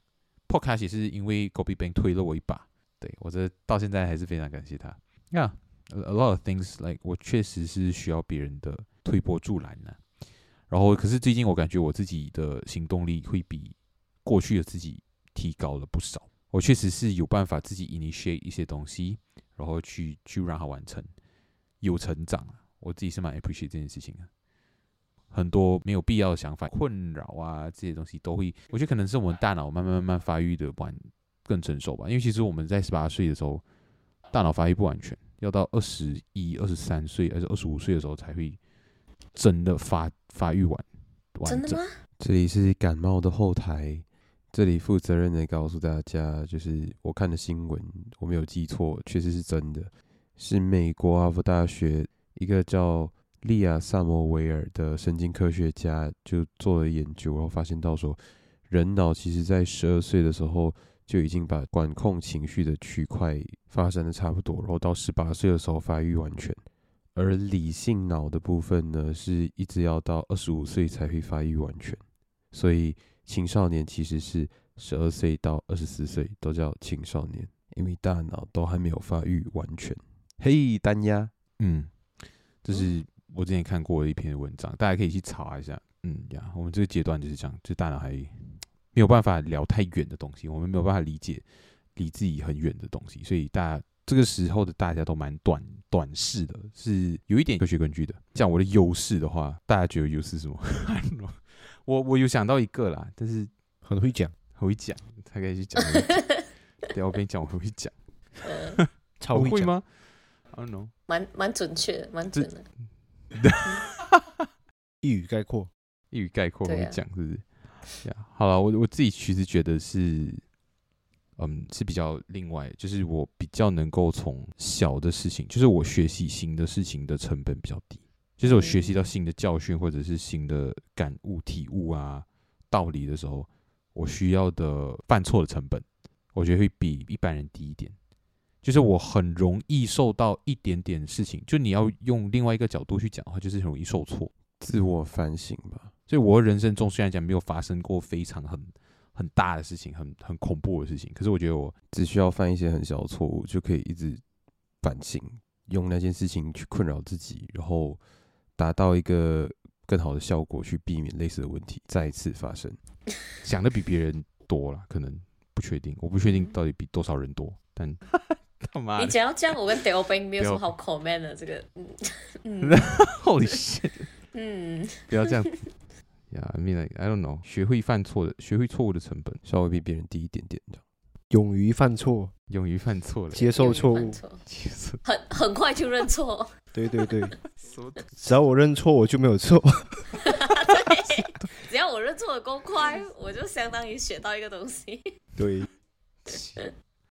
Podcast 也是因為 Gobi Bank 推了我一把，對，我這到現在還是非常感謝他。那、yeah, a lot of things like 我確實是需要別人的推波助瀾呢、啊。然後可是最近我感覺我自己的行動力會比過去的自己提高了不少。我確實是有辦法自己 initiate 一些東西。然後去去讓它完成，有成長啊，我自己是蠻 appreciate 這件事情啊，很多沒有必要的想法、困擾啊，這些東西都會，我覺得可能是我們大腦慢慢慢慢發育的完更成熟吧。因為其實我們在十八歲的時候，大腦發育不完全，要到二十一、二十三歲，還是二十五歲的時候才會真的發發育完。完整。真的嗎？這裡是感冒的後台。這裡負責任的告訴大家，就是我看的新聞，我沒有記錯，確實是真的。是美國哈佛大學一個叫利亞薩摩維爾的神經科學家，就做了研究，然後發現到說，人腦其實在十二歲的時候就已經把管控情緒的區塊發生的差不多，然後到十八歲的時候發育完全，而理性腦的部分呢，是一直要到二十五歲才會發育完全，所以。青少年其實是十二歲到二十四歲都叫青少年，因為大腦都還沒有發育完全。嘿、hey,，丹鴨，嗯，這是我之前看過的一篇文章，大家可以去查一下。嗯呀，yeah, 我們這個階段就是這樣，就大腦還沒有辦法聊太遠的東西，我們沒有辦法理解離自己很遠的東西，所以大家這個時候的大家都蠻短短視的，是有一點科學根據的。像我的優勢的話，大家覺得優勢是什麼？我我有想到一個啦，但是很會,講,很會講,講，很會講，才可以去講。等我跟你講，我會講， 超會,講會嗎？I don't know，蠻蠻準確的，蠻準的。一語概括，一語概括，我會講、啊、是不是？Yeah, 好了，我我自己其實覺得是，嗯，是比較另外，就是我比較能夠從小的事情，就是我學習新的事情的成本比較低。就是我學習到新的教訓，或者是新的感悟、體悟啊道理的時候，我需要的犯錯的成本，我覺得會比一般人低一點。就是我很容易受到一點點事情，就你要用另外一個角度去講的話，就是很容易受挫、自我反省吧。所以，我人生中雖然講沒有發生過非常很很大的事情，很很恐怖的事情，可是我覺得我只需要犯一些很小的錯誤，就可以一直反省，用那件事情去困擾自己，然後。達到一個更好的效果，去避免類似的問題再次發生。想的比別人多了，可能不確定，我不確定到底比多少人多。但 媽的 你只要這樣，我跟 Delbin 沒有什麼好 comment 的。有這個，嗯嗯，我也是。嗯，不要這樣。Yeah，I mean, like, I don't know。學會犯錯的，學會錯誤的成本稍微比別人低一點點。勇於犯錯，勇於犯錯了，接受錯誤，很很快就認錯。 對對對，只要我認錯，我就沒有錯。只要我認錯的夠快，我就相當於學到一個東西。對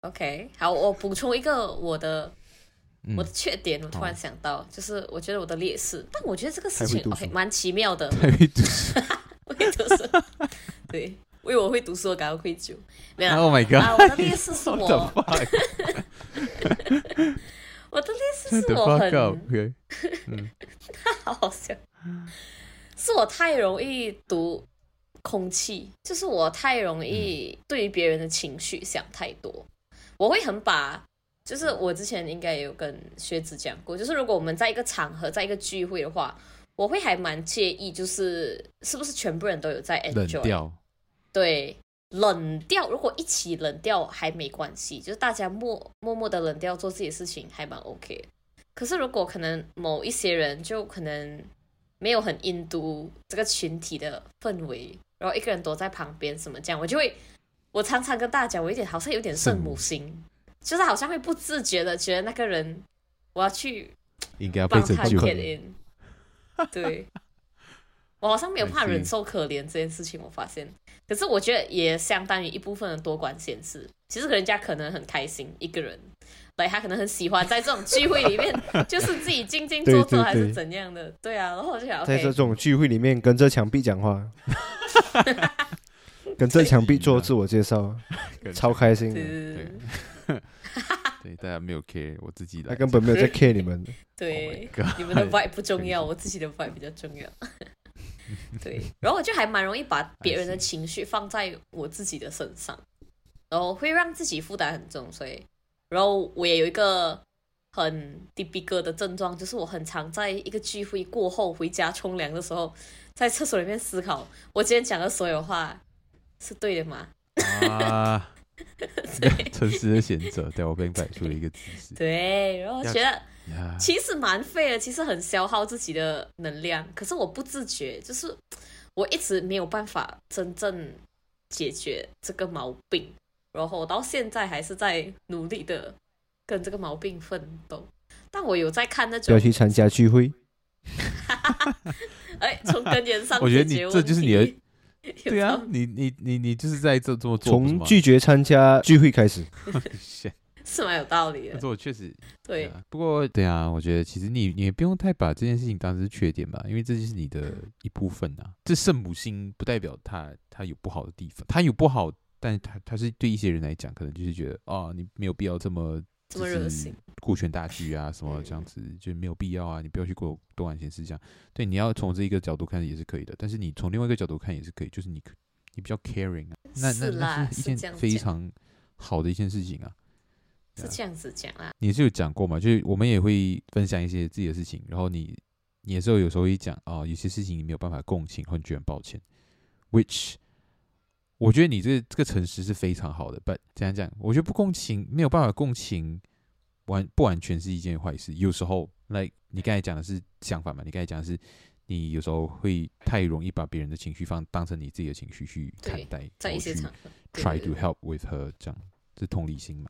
，OK，好，我補充一個我的、嗯、我的缺點，我突然想到，哦、就是我覺得我的劣勢，但我覺得這個事情還 okay, 蠻奇妙的。會讀書會讀書對，為我會讀書我感到愧疚。沒有，Oh my God！、啊、我的劣勢是我。我的劣勢是我很，他好好笑。嗯， 是我太容易讀空氣，就是我太容易對於別人的情緒想太多，嗯、我會很把，就是我之前應該也有跟薛子講過，就是如果我們在一個場合，在一個聚會的話，我會還蠻介意，就是是不是全部人都有在 enjoy，掉對。冷掉，如果一起冷掉還沒關係，就是大家默默默的冷掉做自己的事情還蠻 OK。可是，如果可能某一些人就可能沒有很印度這個群體的氛圍，然後一個人躲在旁邊什麼這樣，我就會，我常常跟大家講我有點好像有點聖母心，是就是好像會不自覺的覺得那個人我要去幫他應該要被拯救可憐，對，我好像沒有怕忍受可憐 這件事情，我發現。可是我覺得也相當於一部分人多管閒事。其實人家可能很開心一個人，對，他可能很喜歡在這種聚會裡面，就是自己靜靜坐坐還是怎樣的。對,對,對,對啊，然後就想要在這種聚會裡面跟着牆壁講話， 跟着牆壁做自我介紹，超開心。對，大家沒有 care，我自己的，他根本沒有在 care 你們。 對，oh my God, 你們的 vibe 不重要，誒我自己的 vibe 比較重要。 對，然後我就還蠻容易把別人的情緒放在我自己的身上，是然後會讓自己負擔很重，所以，然後我也有一個很低逼格的症狀，就是我很常在一個聚會過後回家沖涼的時候，在廁所裡面思考，我今天講的所有話是對的嗎？ 啊，誠實 對 的選擇，對，我給你擺出了一個姿勢。對，然後覺得。Yeah. 其實蠻費的，其實很消耗自己的能量。可是我不自覺，就是我一直沒有辦法真正解決這個毛病。然後我到現在還是在努力的跟這個毛病奮鬥。但我有在看那種要去參加聚會， 哎，從根源上 我覺得你這就是你的，到對啊，你你你你就是在這做做，從拒絕參加聚會開始。 是蠻有道理的，但是我確實，對啊，對。不過，對啊，我覺得其實你，你也不用太把這件事情當成是缺點吧，因為這就是你的一部分啊。嗯，這聖母心不代表他他有不好的地方，他有不好，但他他是對一些人來講，可能就是覺得哦，你沒有必要這麼，啊，這麼熱心，顧全大局啊，什麼這樣子就沒有必要啊，你不要去過多管閒事。這樣對，你要從這一個角度看也是可以的，但是你從另外一個角度看也是可以，就是你你比較 caring 啊，啦那那那是一件非常好的一件事情啊。是這樣子講啊，你是有講過嘛？就是我們也會分享一些自己的事情，然後你，你有時候有時候會講哦，有些事情你沒有辦法共情，或者覺得很抱歉。Which 我覺得你這個、這個誠實是非常好的，But 怎樣講？我覺得不共情沒有辦法共情，完不完全是一件壞事。有時候，那、like, 你剛才講的是想法嘛？你剛才講的是，你有時候會太容易把別人的情緒放當成你自己的情緒去看待，我去 try to help with her，對對對，這樣是同理心嘛？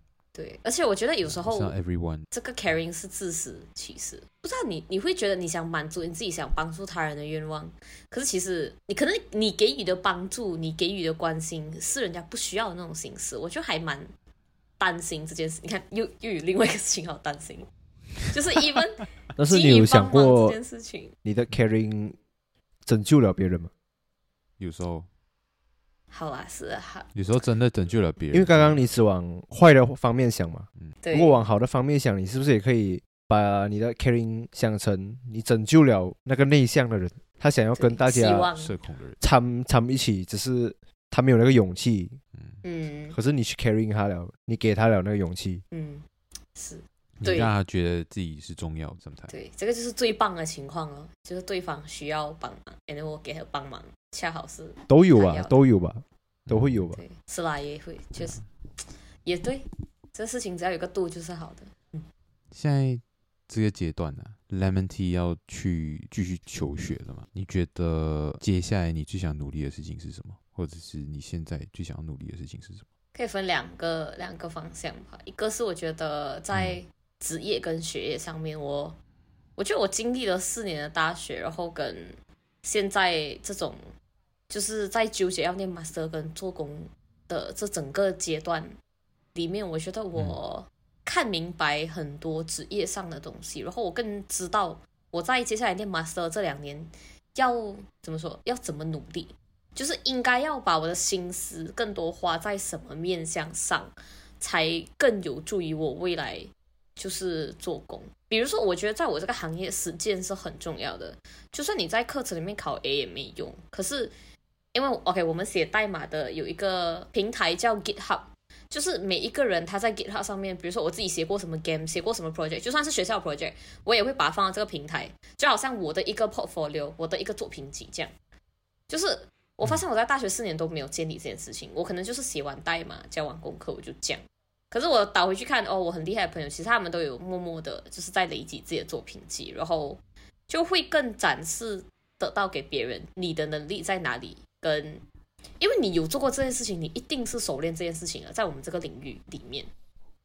對，而且我覺得有時候 saw 這個 caring 是自私，其實不知道你你會覺得你想滿足你自己想幫助他人的願望，可是其實你可能你給予的幫助，你給予的關心是人家不需要的那種形式，我就還蠻擔心這件事。你看又，又有另外一個事情好擔心，就是 even 但是你有想過這件事情，你的 caring 拯救了別人嗎？有時候。好啊，是啊，好。有時候真的拯救了別人，因為剛剛你只往壞的方面想嘛，嗯，對。如果往好的方面想，你是不是也可以把你的 caring 想成你拯救了那個內向的人？他想要跟大家社恐的人參參一起，只是他沒有那個勇氣，嗯。可是你去 caring 他了，你給他了那個勇氣，嗯，是。你讓他覺得自己是重要的狀對態，對，這個就是最棒的情況哦。就是對方需要幫忙，然後我給他幫忙，恰好是都有吧，都有吧，嗯、都會有吧，是啦，也會，確、就、實、是啊、也對。這事情只要有個度就是好的。嗯，現在這個階段呢、啊、，Lemon Tea 要去繼續求學了嘛？嗯、你覺得接下來你最想努力的事情是什麼，或者是你現在最想要努力的事情是什麼？可以分兩個兩個方向吧，一個是我覺得在、嗯。職業跟學業上面，我我覺得我經歷了四年的大學，然後跟現在這種就是在糾結要念 master 跟做工的這整個階段裡面，我覺得我看明白很多職業上的東西，嗯，然後我更知道我在接下來念 master 這兩年要怎麼說，要怎麼努力，就是應該要把我的心思更多花在什麼面向上，才更有助於我未來。就是做工，比如說，我覺得在我這個行業，實踐是很重要的。就算你在課程裡面考 A 也沒用。可是，因為 OK，我們寫代碼的有一個平台叫 GitHub，就是每一個人他在 GitHub 上面，比如說我自己寫過什麼 game，寫過什麼 project，就算是學校 project，我也會把它放到這個平台，就好像我的一個 portfolio，我的一個作品集這樣。就是我發現我在大學四年都沒有建立這件事情，我可能就是寫完代碼，交完功課我就這樣。可是我倒回去看，哦，我很厲害的朋友，其實他們都有默默的，就是在累積自己的作品集，然後就會更展示得到給別人你的能力在哪裡。跟因為你有做過這件事情，你一定是熟練這件事情了，在我們這個領域裡面，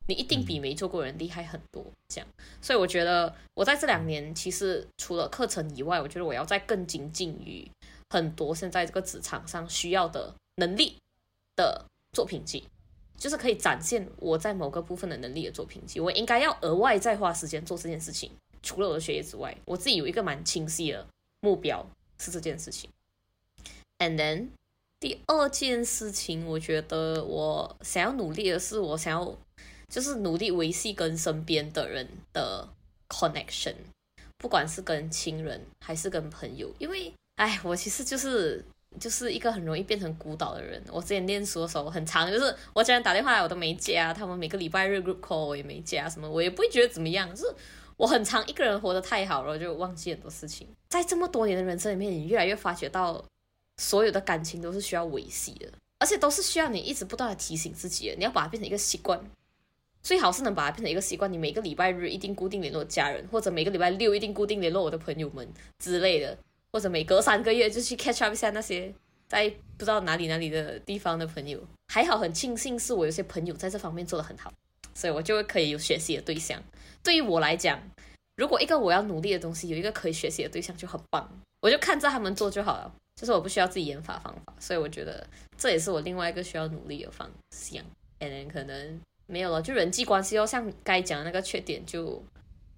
你一定比沒做過人厲害很多。這樣，所以我覺得我在這兩年，其實除了課程以外，我覺得我要再更精進於很多現在這個職場上需要的能力的作品集。就是可以展現我在某個部分的能力的作品集，我應該要額外再花時間做這件事情。除了我的學業之外，我自己有一個蠻清晰的目標是這件事情。And then，第二件事情，我覺得我想要努力的是，我想要就是努力維繫跟身邊的人的 connection，不管是跟親人還是跟朋友，因為哎，我其實就是。就是一個很容易變成孤島的人。我之前念書的時候，我很常就是我家人打電話來，我都沒接啊。他們每個禮拜日 group call 我也沒接啊，什麼我也不會覺得怎麼樣。就是我很常一個人活得太好了，就忘記很多事情。在這麼多年的人生裡面，你越來越發覺到，所有的感情都是需要維繫的，而且都是需要你一直不斷的提醒自己的，你要把它變成一個習慣。最好是能把它變成一個習慣，你每個禮拜日一定固定聯絡家人，或者每個禮拜六一定固定聯絡我的朋友們之類的。或者每隔三個月就去 catch up 一下那些在不知道哪裡哪裡的地方的朋友，還好很慶幸是我有些朋友在這方面做得很好，所以我就可以有學習的對象。對於我來講，如果一個我要努力的東西有一個可以學習的對象就很棒，我就看着他們做就好了，就是我不需要自己研發方法，所以我覺得這也是我另外一個需要努力的方向。And Then, 可能沒有了，就人際關係要、哦、像該講的那個缺點就。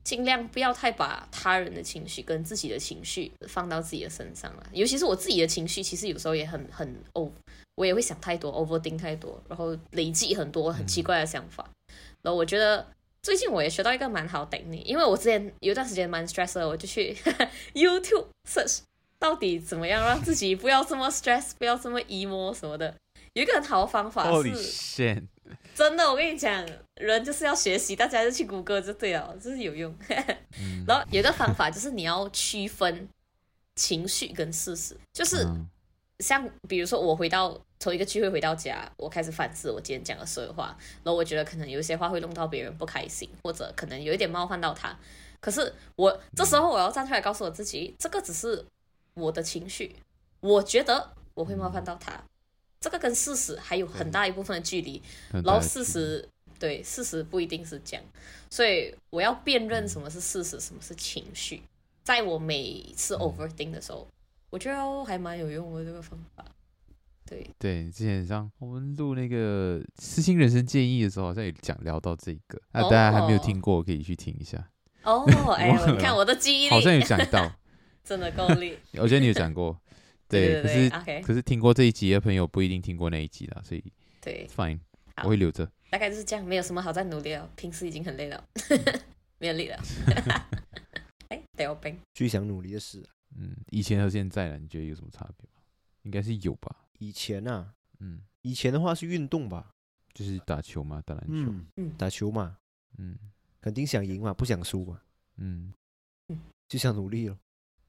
盡量不要太把他人的情緒跟自己的情緒放到自己的身上了，尤其是我自己的情緒，其實有時候也很很哦，我也會想太多，overthink 太多，然後累積很多很奇怪的想法。嗯、然後我覺得最近我也學到一個蠻好的點，因為，我之前有一段時間蠻 stress 的，我就去 YouTube search 到底怎麼樣讓自己不要這麼 stress， 不要這麼 emo 什麼的。有一個很好的方法是，Holy shit. 真的，我跟你講，人就是要學習，大家就去谷歌就對了，就是有用。 然後有一個方法就是你要區分情緒跟事實，就是像比如說我回到從一個聚會回到家，我開始反思我今天講的所有話，然後我覺得可能有一些話會弄到別人不開心，或者可能有一點冒犯到他。可是我這時候我要站出來告訴我自己，這個只是我的情緒，我覺得我會冒犯到他。Mm hmm. 這個跟事實還有很大一部分的距離，然後事實對事實不一定是這樣，所以我要辨認什麼是事實，什麼是情緒。在我每次 overthink 的時候，我覺得還蠻有用的這個方法。對對，之前像我們錄那個私心人生建議的時候，好像有講聊到這個，那大家還沒有聽過，可以去聽一下。哦，哎，你看我的記憶力好像有講到，真的夠力。我覺得你有講過。對，可是可是聽過這一集的朋友不一定聽過那一集了，所以對，fine，我會留着。大概就是這樣，沒有什麼好再努力了，平時已經很累了，呵呵，沒有力了。哎，得要拼。最想努力的事，嗯，以前和現在呢？你覺得有什麼差別？應該是有吧。以前啊，嗯，以前的話是運動吧，就是打球嘛，打籃球，打球嘛，嗯，肯定想贏嘛，不想輸嘛，嗯嗯，就想努力了，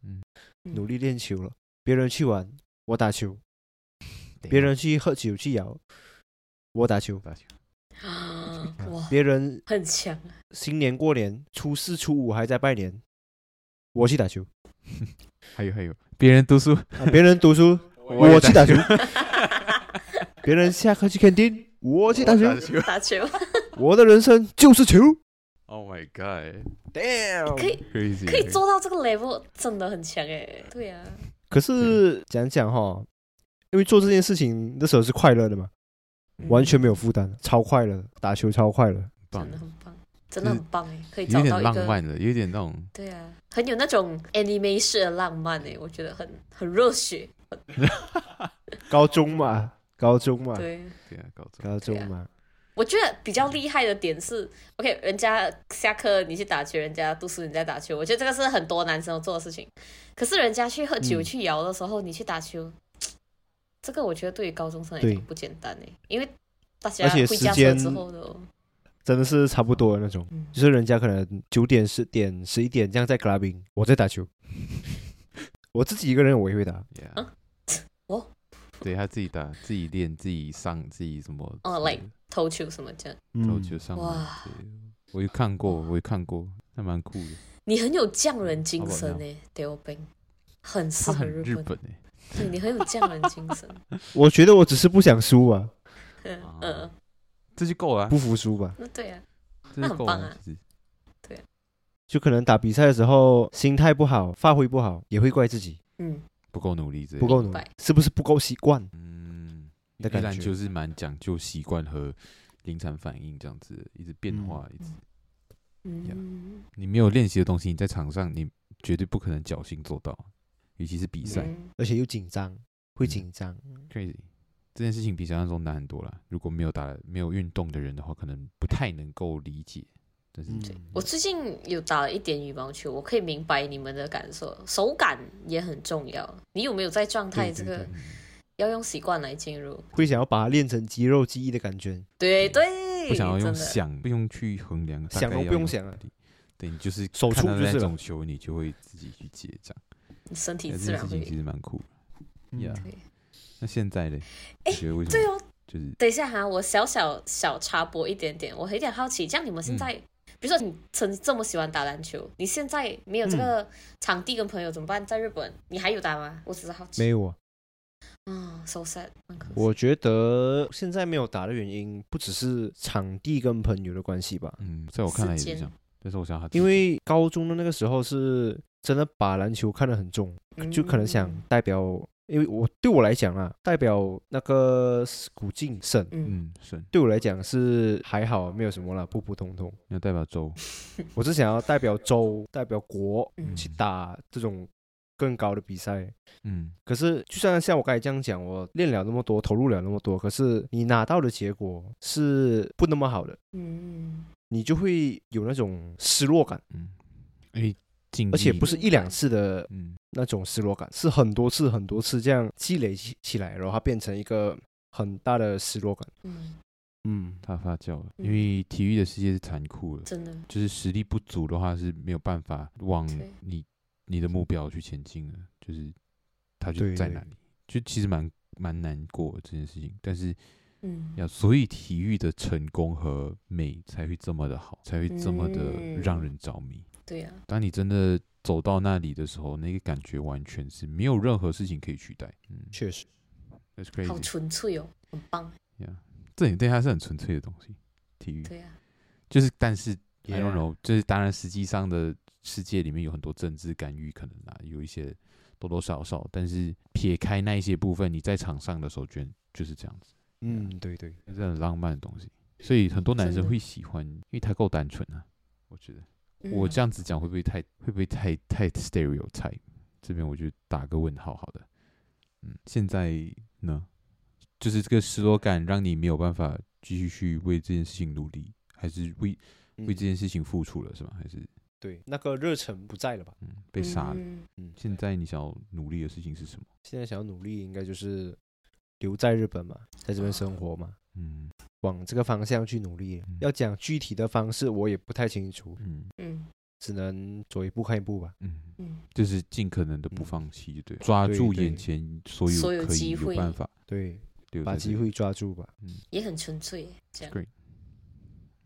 嗯，努力練球了。別人去玩，我打球，別人去喝酒去搖，我打球。別人很強。新年過年初四初五還在拜年，我去打球。 還有還有，別人讀書，啊、別人讀書， 我， 我去打球。 別人下課去看電影，我去打球打球。 我的人生就是球。Oh my god! Damn！可以 Crazy. 可以做到這個 level，真的很強哎。對呀、啊可是講講哈，因為做這件事情的時候是快樂的嘛，嗯、完全沒有負擔，超快樂，打球超快樂，真的很棒，真的很棒，可以找到浪漫的，有點那種，對啊，很有那種 anime 式的浪漫，我覺得很很熱血， 高中嘛，高中嘛，對中對啊，高中嘛。我覺得比較厲害的點是、嗯、OK，人家下課你去打球，人家讀書你在打球。我覺得這個是很多男生都做的事情。可是人家去喝酒、嗯、去搖的時候，你去打球，這個我覺得對於高中生來講不簡單哎，對因為大家回家了之後都，真的是差不多的那種，嗯、就是人家可能九點、十點、十一點這樣在 clubbing，我在打球， 我自己一個人我也會打，Yeah、啊。對他自己打，自己練，自己上，自己什麼哦，like 投球什麼的，投球上。哇，我有看過，我有看過，還蠻酷的。你很有匠人精神呢 Teh O Peng 很適合日本。日本耶，你很有匠人精神。我覺得我只是不想輸啊。嗯這就夠了，不服輸吧。那對啊，那很棒啊。對，就可能打比賽的時候心態不好，發揮不好也會怪自己。嗯。不夠努，努力，不夠努力，是不是不夠習慣？嗯，那依然就是蠻講究習慣和臨場反應這樣子，一直變化，嗯、一直、嗯 yeah。你沒有練習的東西，你在場上你絕對不可能僥倖做到，尤其是比賽，嗯、而且又緊張，會緊張、嗯嗯。Crazy。這件事情比想象中難很多了。如果沒有打沒有運動的人的話，可能不太能夠理解。對對對，我最近有打了一點羽毛球，我可以明白你們的感受，手感也很重要。你有沒有在狀態？這個要用習慣來進入，會想要把它練成肌肉記憶的感覺。對對，不想要用想，不用去衡量，想都不用想了。對你就是手觸到那種球，你就會自己去接，這樣你身體自然。這件事情其實蠻酷的，呀。那現在呢哎，對哦，就是等一下哈，我小小小插播一點點，我有點好奇，這樣你們現在。比如說，你曾這麼喜歡打籃球，你現在沒有這個場地跟朋友怎麼辦？嗯、在日本，你還有打嗎？我只是好奇。沒有啊。啊、哦、so sad，我覺得現在沒有打的原因不只是場地跟朋友的關係吧？嗯，在我看來也是這樣。間但是我想，因為高中的那個時候是真的把籃球看得很重，嗯、就可能想代表。因為我對我來講啊，代表那個古晉省，嗯，省對我來講是還好，沒有什麼啦。普普通通。要代表州， 我是想要代表州、代表國去、嗯、打這種更高的比賽。嗯，可是就算像我剛才這樣講，我練了那麼多，投入了那麼多，可是你拿到的結果是不那麼好的，嗯，你就會有那種失落感。嗯，誒。而且不是一兩次的那種失落感，嗯、是很多次、很多次這樣積累起、起來，然後它變成一個很大的失落感。嗯嗯，它、嗯、發酵了，嗯、因為體育的世界是殘酷的，真的，就是實力不足的話是沒有辦法往你對你的目標去前進的，就是他就在那裡，對對，就其實蠻蠻難過的這件事情。但是，嗯，要所以體育的成功和美才會這麼的好，才會這麼的讓人着迷。嗯對呀，當你真的走到那裡的時候，那個感覺完全是沒有任何事情可以取代。嗯，確實，好純粹哦，很棒。呀，yeah, 這點對他是很純粹的東西。體育，對啊，就是，但是 I don't know，Yeah. 就是當然，實際上的世界裡面有很多政治干預，可能啊，有一些多多少少。但是撇開那一些部分，你在場上的時候，全就是這樣子。嗯，對對，這是很浪漫的東西。所以很多男生會喜歡，的因為他夠單純啊，我覺得。嗯、我這樣子講會不會太會不會太太 stereotype？這邊我就打個問號。好的、嗯，現在呢，就是這個失落感讓你沒有辦法繼續去為這件事情努力，還是為為這件事情付出了、嗯、是嗎？還是對那個熱忱不在了吧？嗯，被殺了。嗯，現在你想要努力的事情是什麼？現在想要努力，應該就是留在日本嘛，在這邊生活嘛。啊嗯，往這個方向去努力。要講具體的方式，我也不太清楚。嗯嗯，只能走一步看一步吧。嗯嗯，就是盡可能的不放棄，對，抓住眼前所有所有機會有辦法。對對，把機會抓住吧。嗯，也很純粹，這樣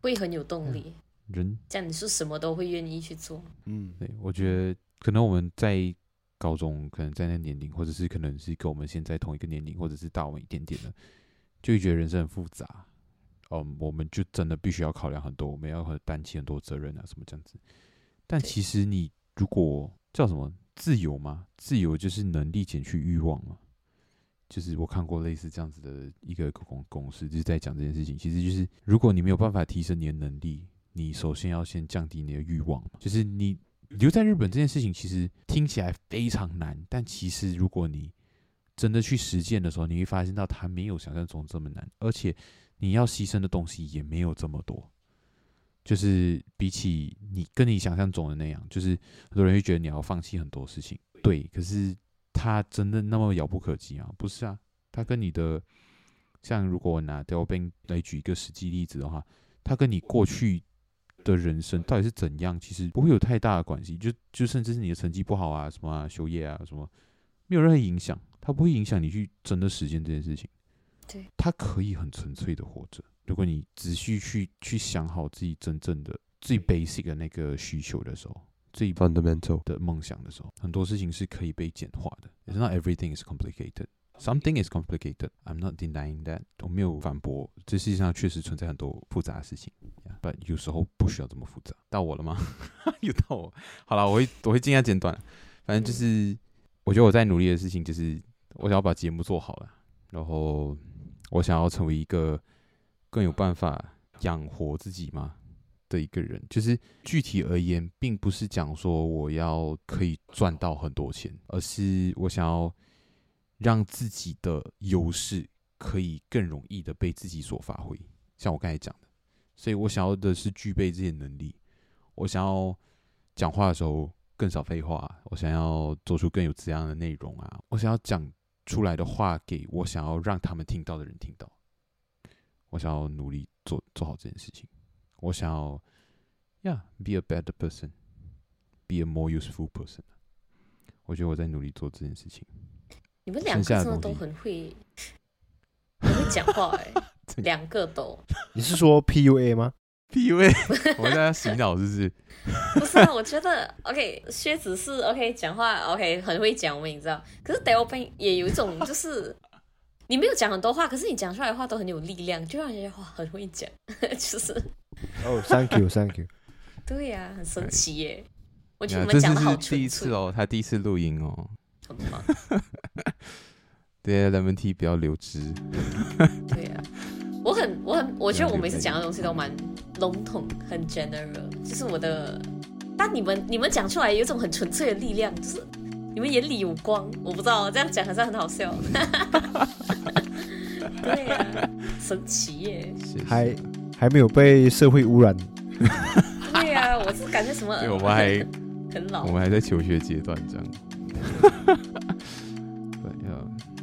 會很有動力。人這樣，你是什麼都會願意去做。嗯，對，我覺得可能我們在高中，可能在那年齡，或者是可能是跟我們現在同一個年齡，或者是大我一點點的。就會覺得人生很複雜，嗯、um，我們就真的必須要考量很多，我們要擔起很多責任啊，什麼這樣子。但其實你如果叫什麼自由嗎？自由就是能力減去慾望嘛。就是我看過類似這樣子的一個公公司，就是在講這件事情。其實就是如果你沒有辦法提升你的能力，你首先要先降低你的慾望。就是你留在日本這件事情，其實聽起來非常難，但其實如果你真的去實踐的時候，你會發現到它沒有想象中這麼難，而且你要犧牲的東西也沒有這麼多。就是比起你跟你想象中的那樣，就是很多人會覺得你要放棄很多事情。對，可是它真的那麼遙不可及嗎、啊？不是啊，它跟你的，像如果拿 Teh O Peng 來舉一個實際例子的話，它跟你過去的人生到底是怎樣，其實不會有太大的關係。就就甚至是你的成績不好啊，什麼啊，休業啊，什麼，沒有任何影響。他不會影響你去真的實踐這件事情。對，他可以很純粹的活着。如果你仔細去去想好自己真正的、最 basic 的那個需求的時候，最 fundamental 的夢想的時候，很多事情是可以被簡化的。It's not everything is complicated，something is complicated。I'm not denying that。我沒有反駁，這世界上確實存在很多複雜的事情。Yeah. but 有時候不需要這麼複雜。到我了嗎？又 到我。好了，我會我會尽量簡短。反正就是，Yeah. 我覺得我在努力的事情就是。我想要把節目做好了，然後我想要成為一個更有辦法養活自己嗎的一個人。就是具體而言，並不是講說我要可以賺到很多錢，而是我想要讓自己的優勢可以更容易的被自己所發揮。像我剛才講的，所以我想要的是具備這些能力。我想要講話的時候更少廢話，我想要做出更有質量的內容啊，我想要講。出來的話，給我想要讓他們聽到的人聽到。我想要努力做做好這件事情。我想要，yeah，be a better person，be a more useful person。我覺得我在努力做這件事情。你們兩個真的都很會，很會講話誒、欸，兩 個都。你是說 PUA 嗎？ 第一位，我們在洗腦，就是 不是啊？我覺得 OK 靴子是 OK，講話 OK 很會講，我們也知道。可是 Teh O Peng 也有一種，就是你沒有講很多話，可是你講出來的話都很有力量，就讓人家哇，很會講，就是。哦、oh,，Thank you，Thank you。You. 對呀、啊，很神奇耶！Okay. 我覺得我們講的這是 好是第一次哦。他第一次錄音哦，很棒。 對啊，Lemon Tea 不對啊。 我很我很我覺得我每次講的東西都蠻籠統，很 general，就是我的。但你們你們講出來有一種很純粹的力量，就是你們眼裡有光。我不知道這樣講好像很好笑。 對呀、啊，神奇耶！謝謝。還還沒有被社會污染。 對呀、啊，我是感覺什麼對？我們還很老，我們還在求學階段這樣。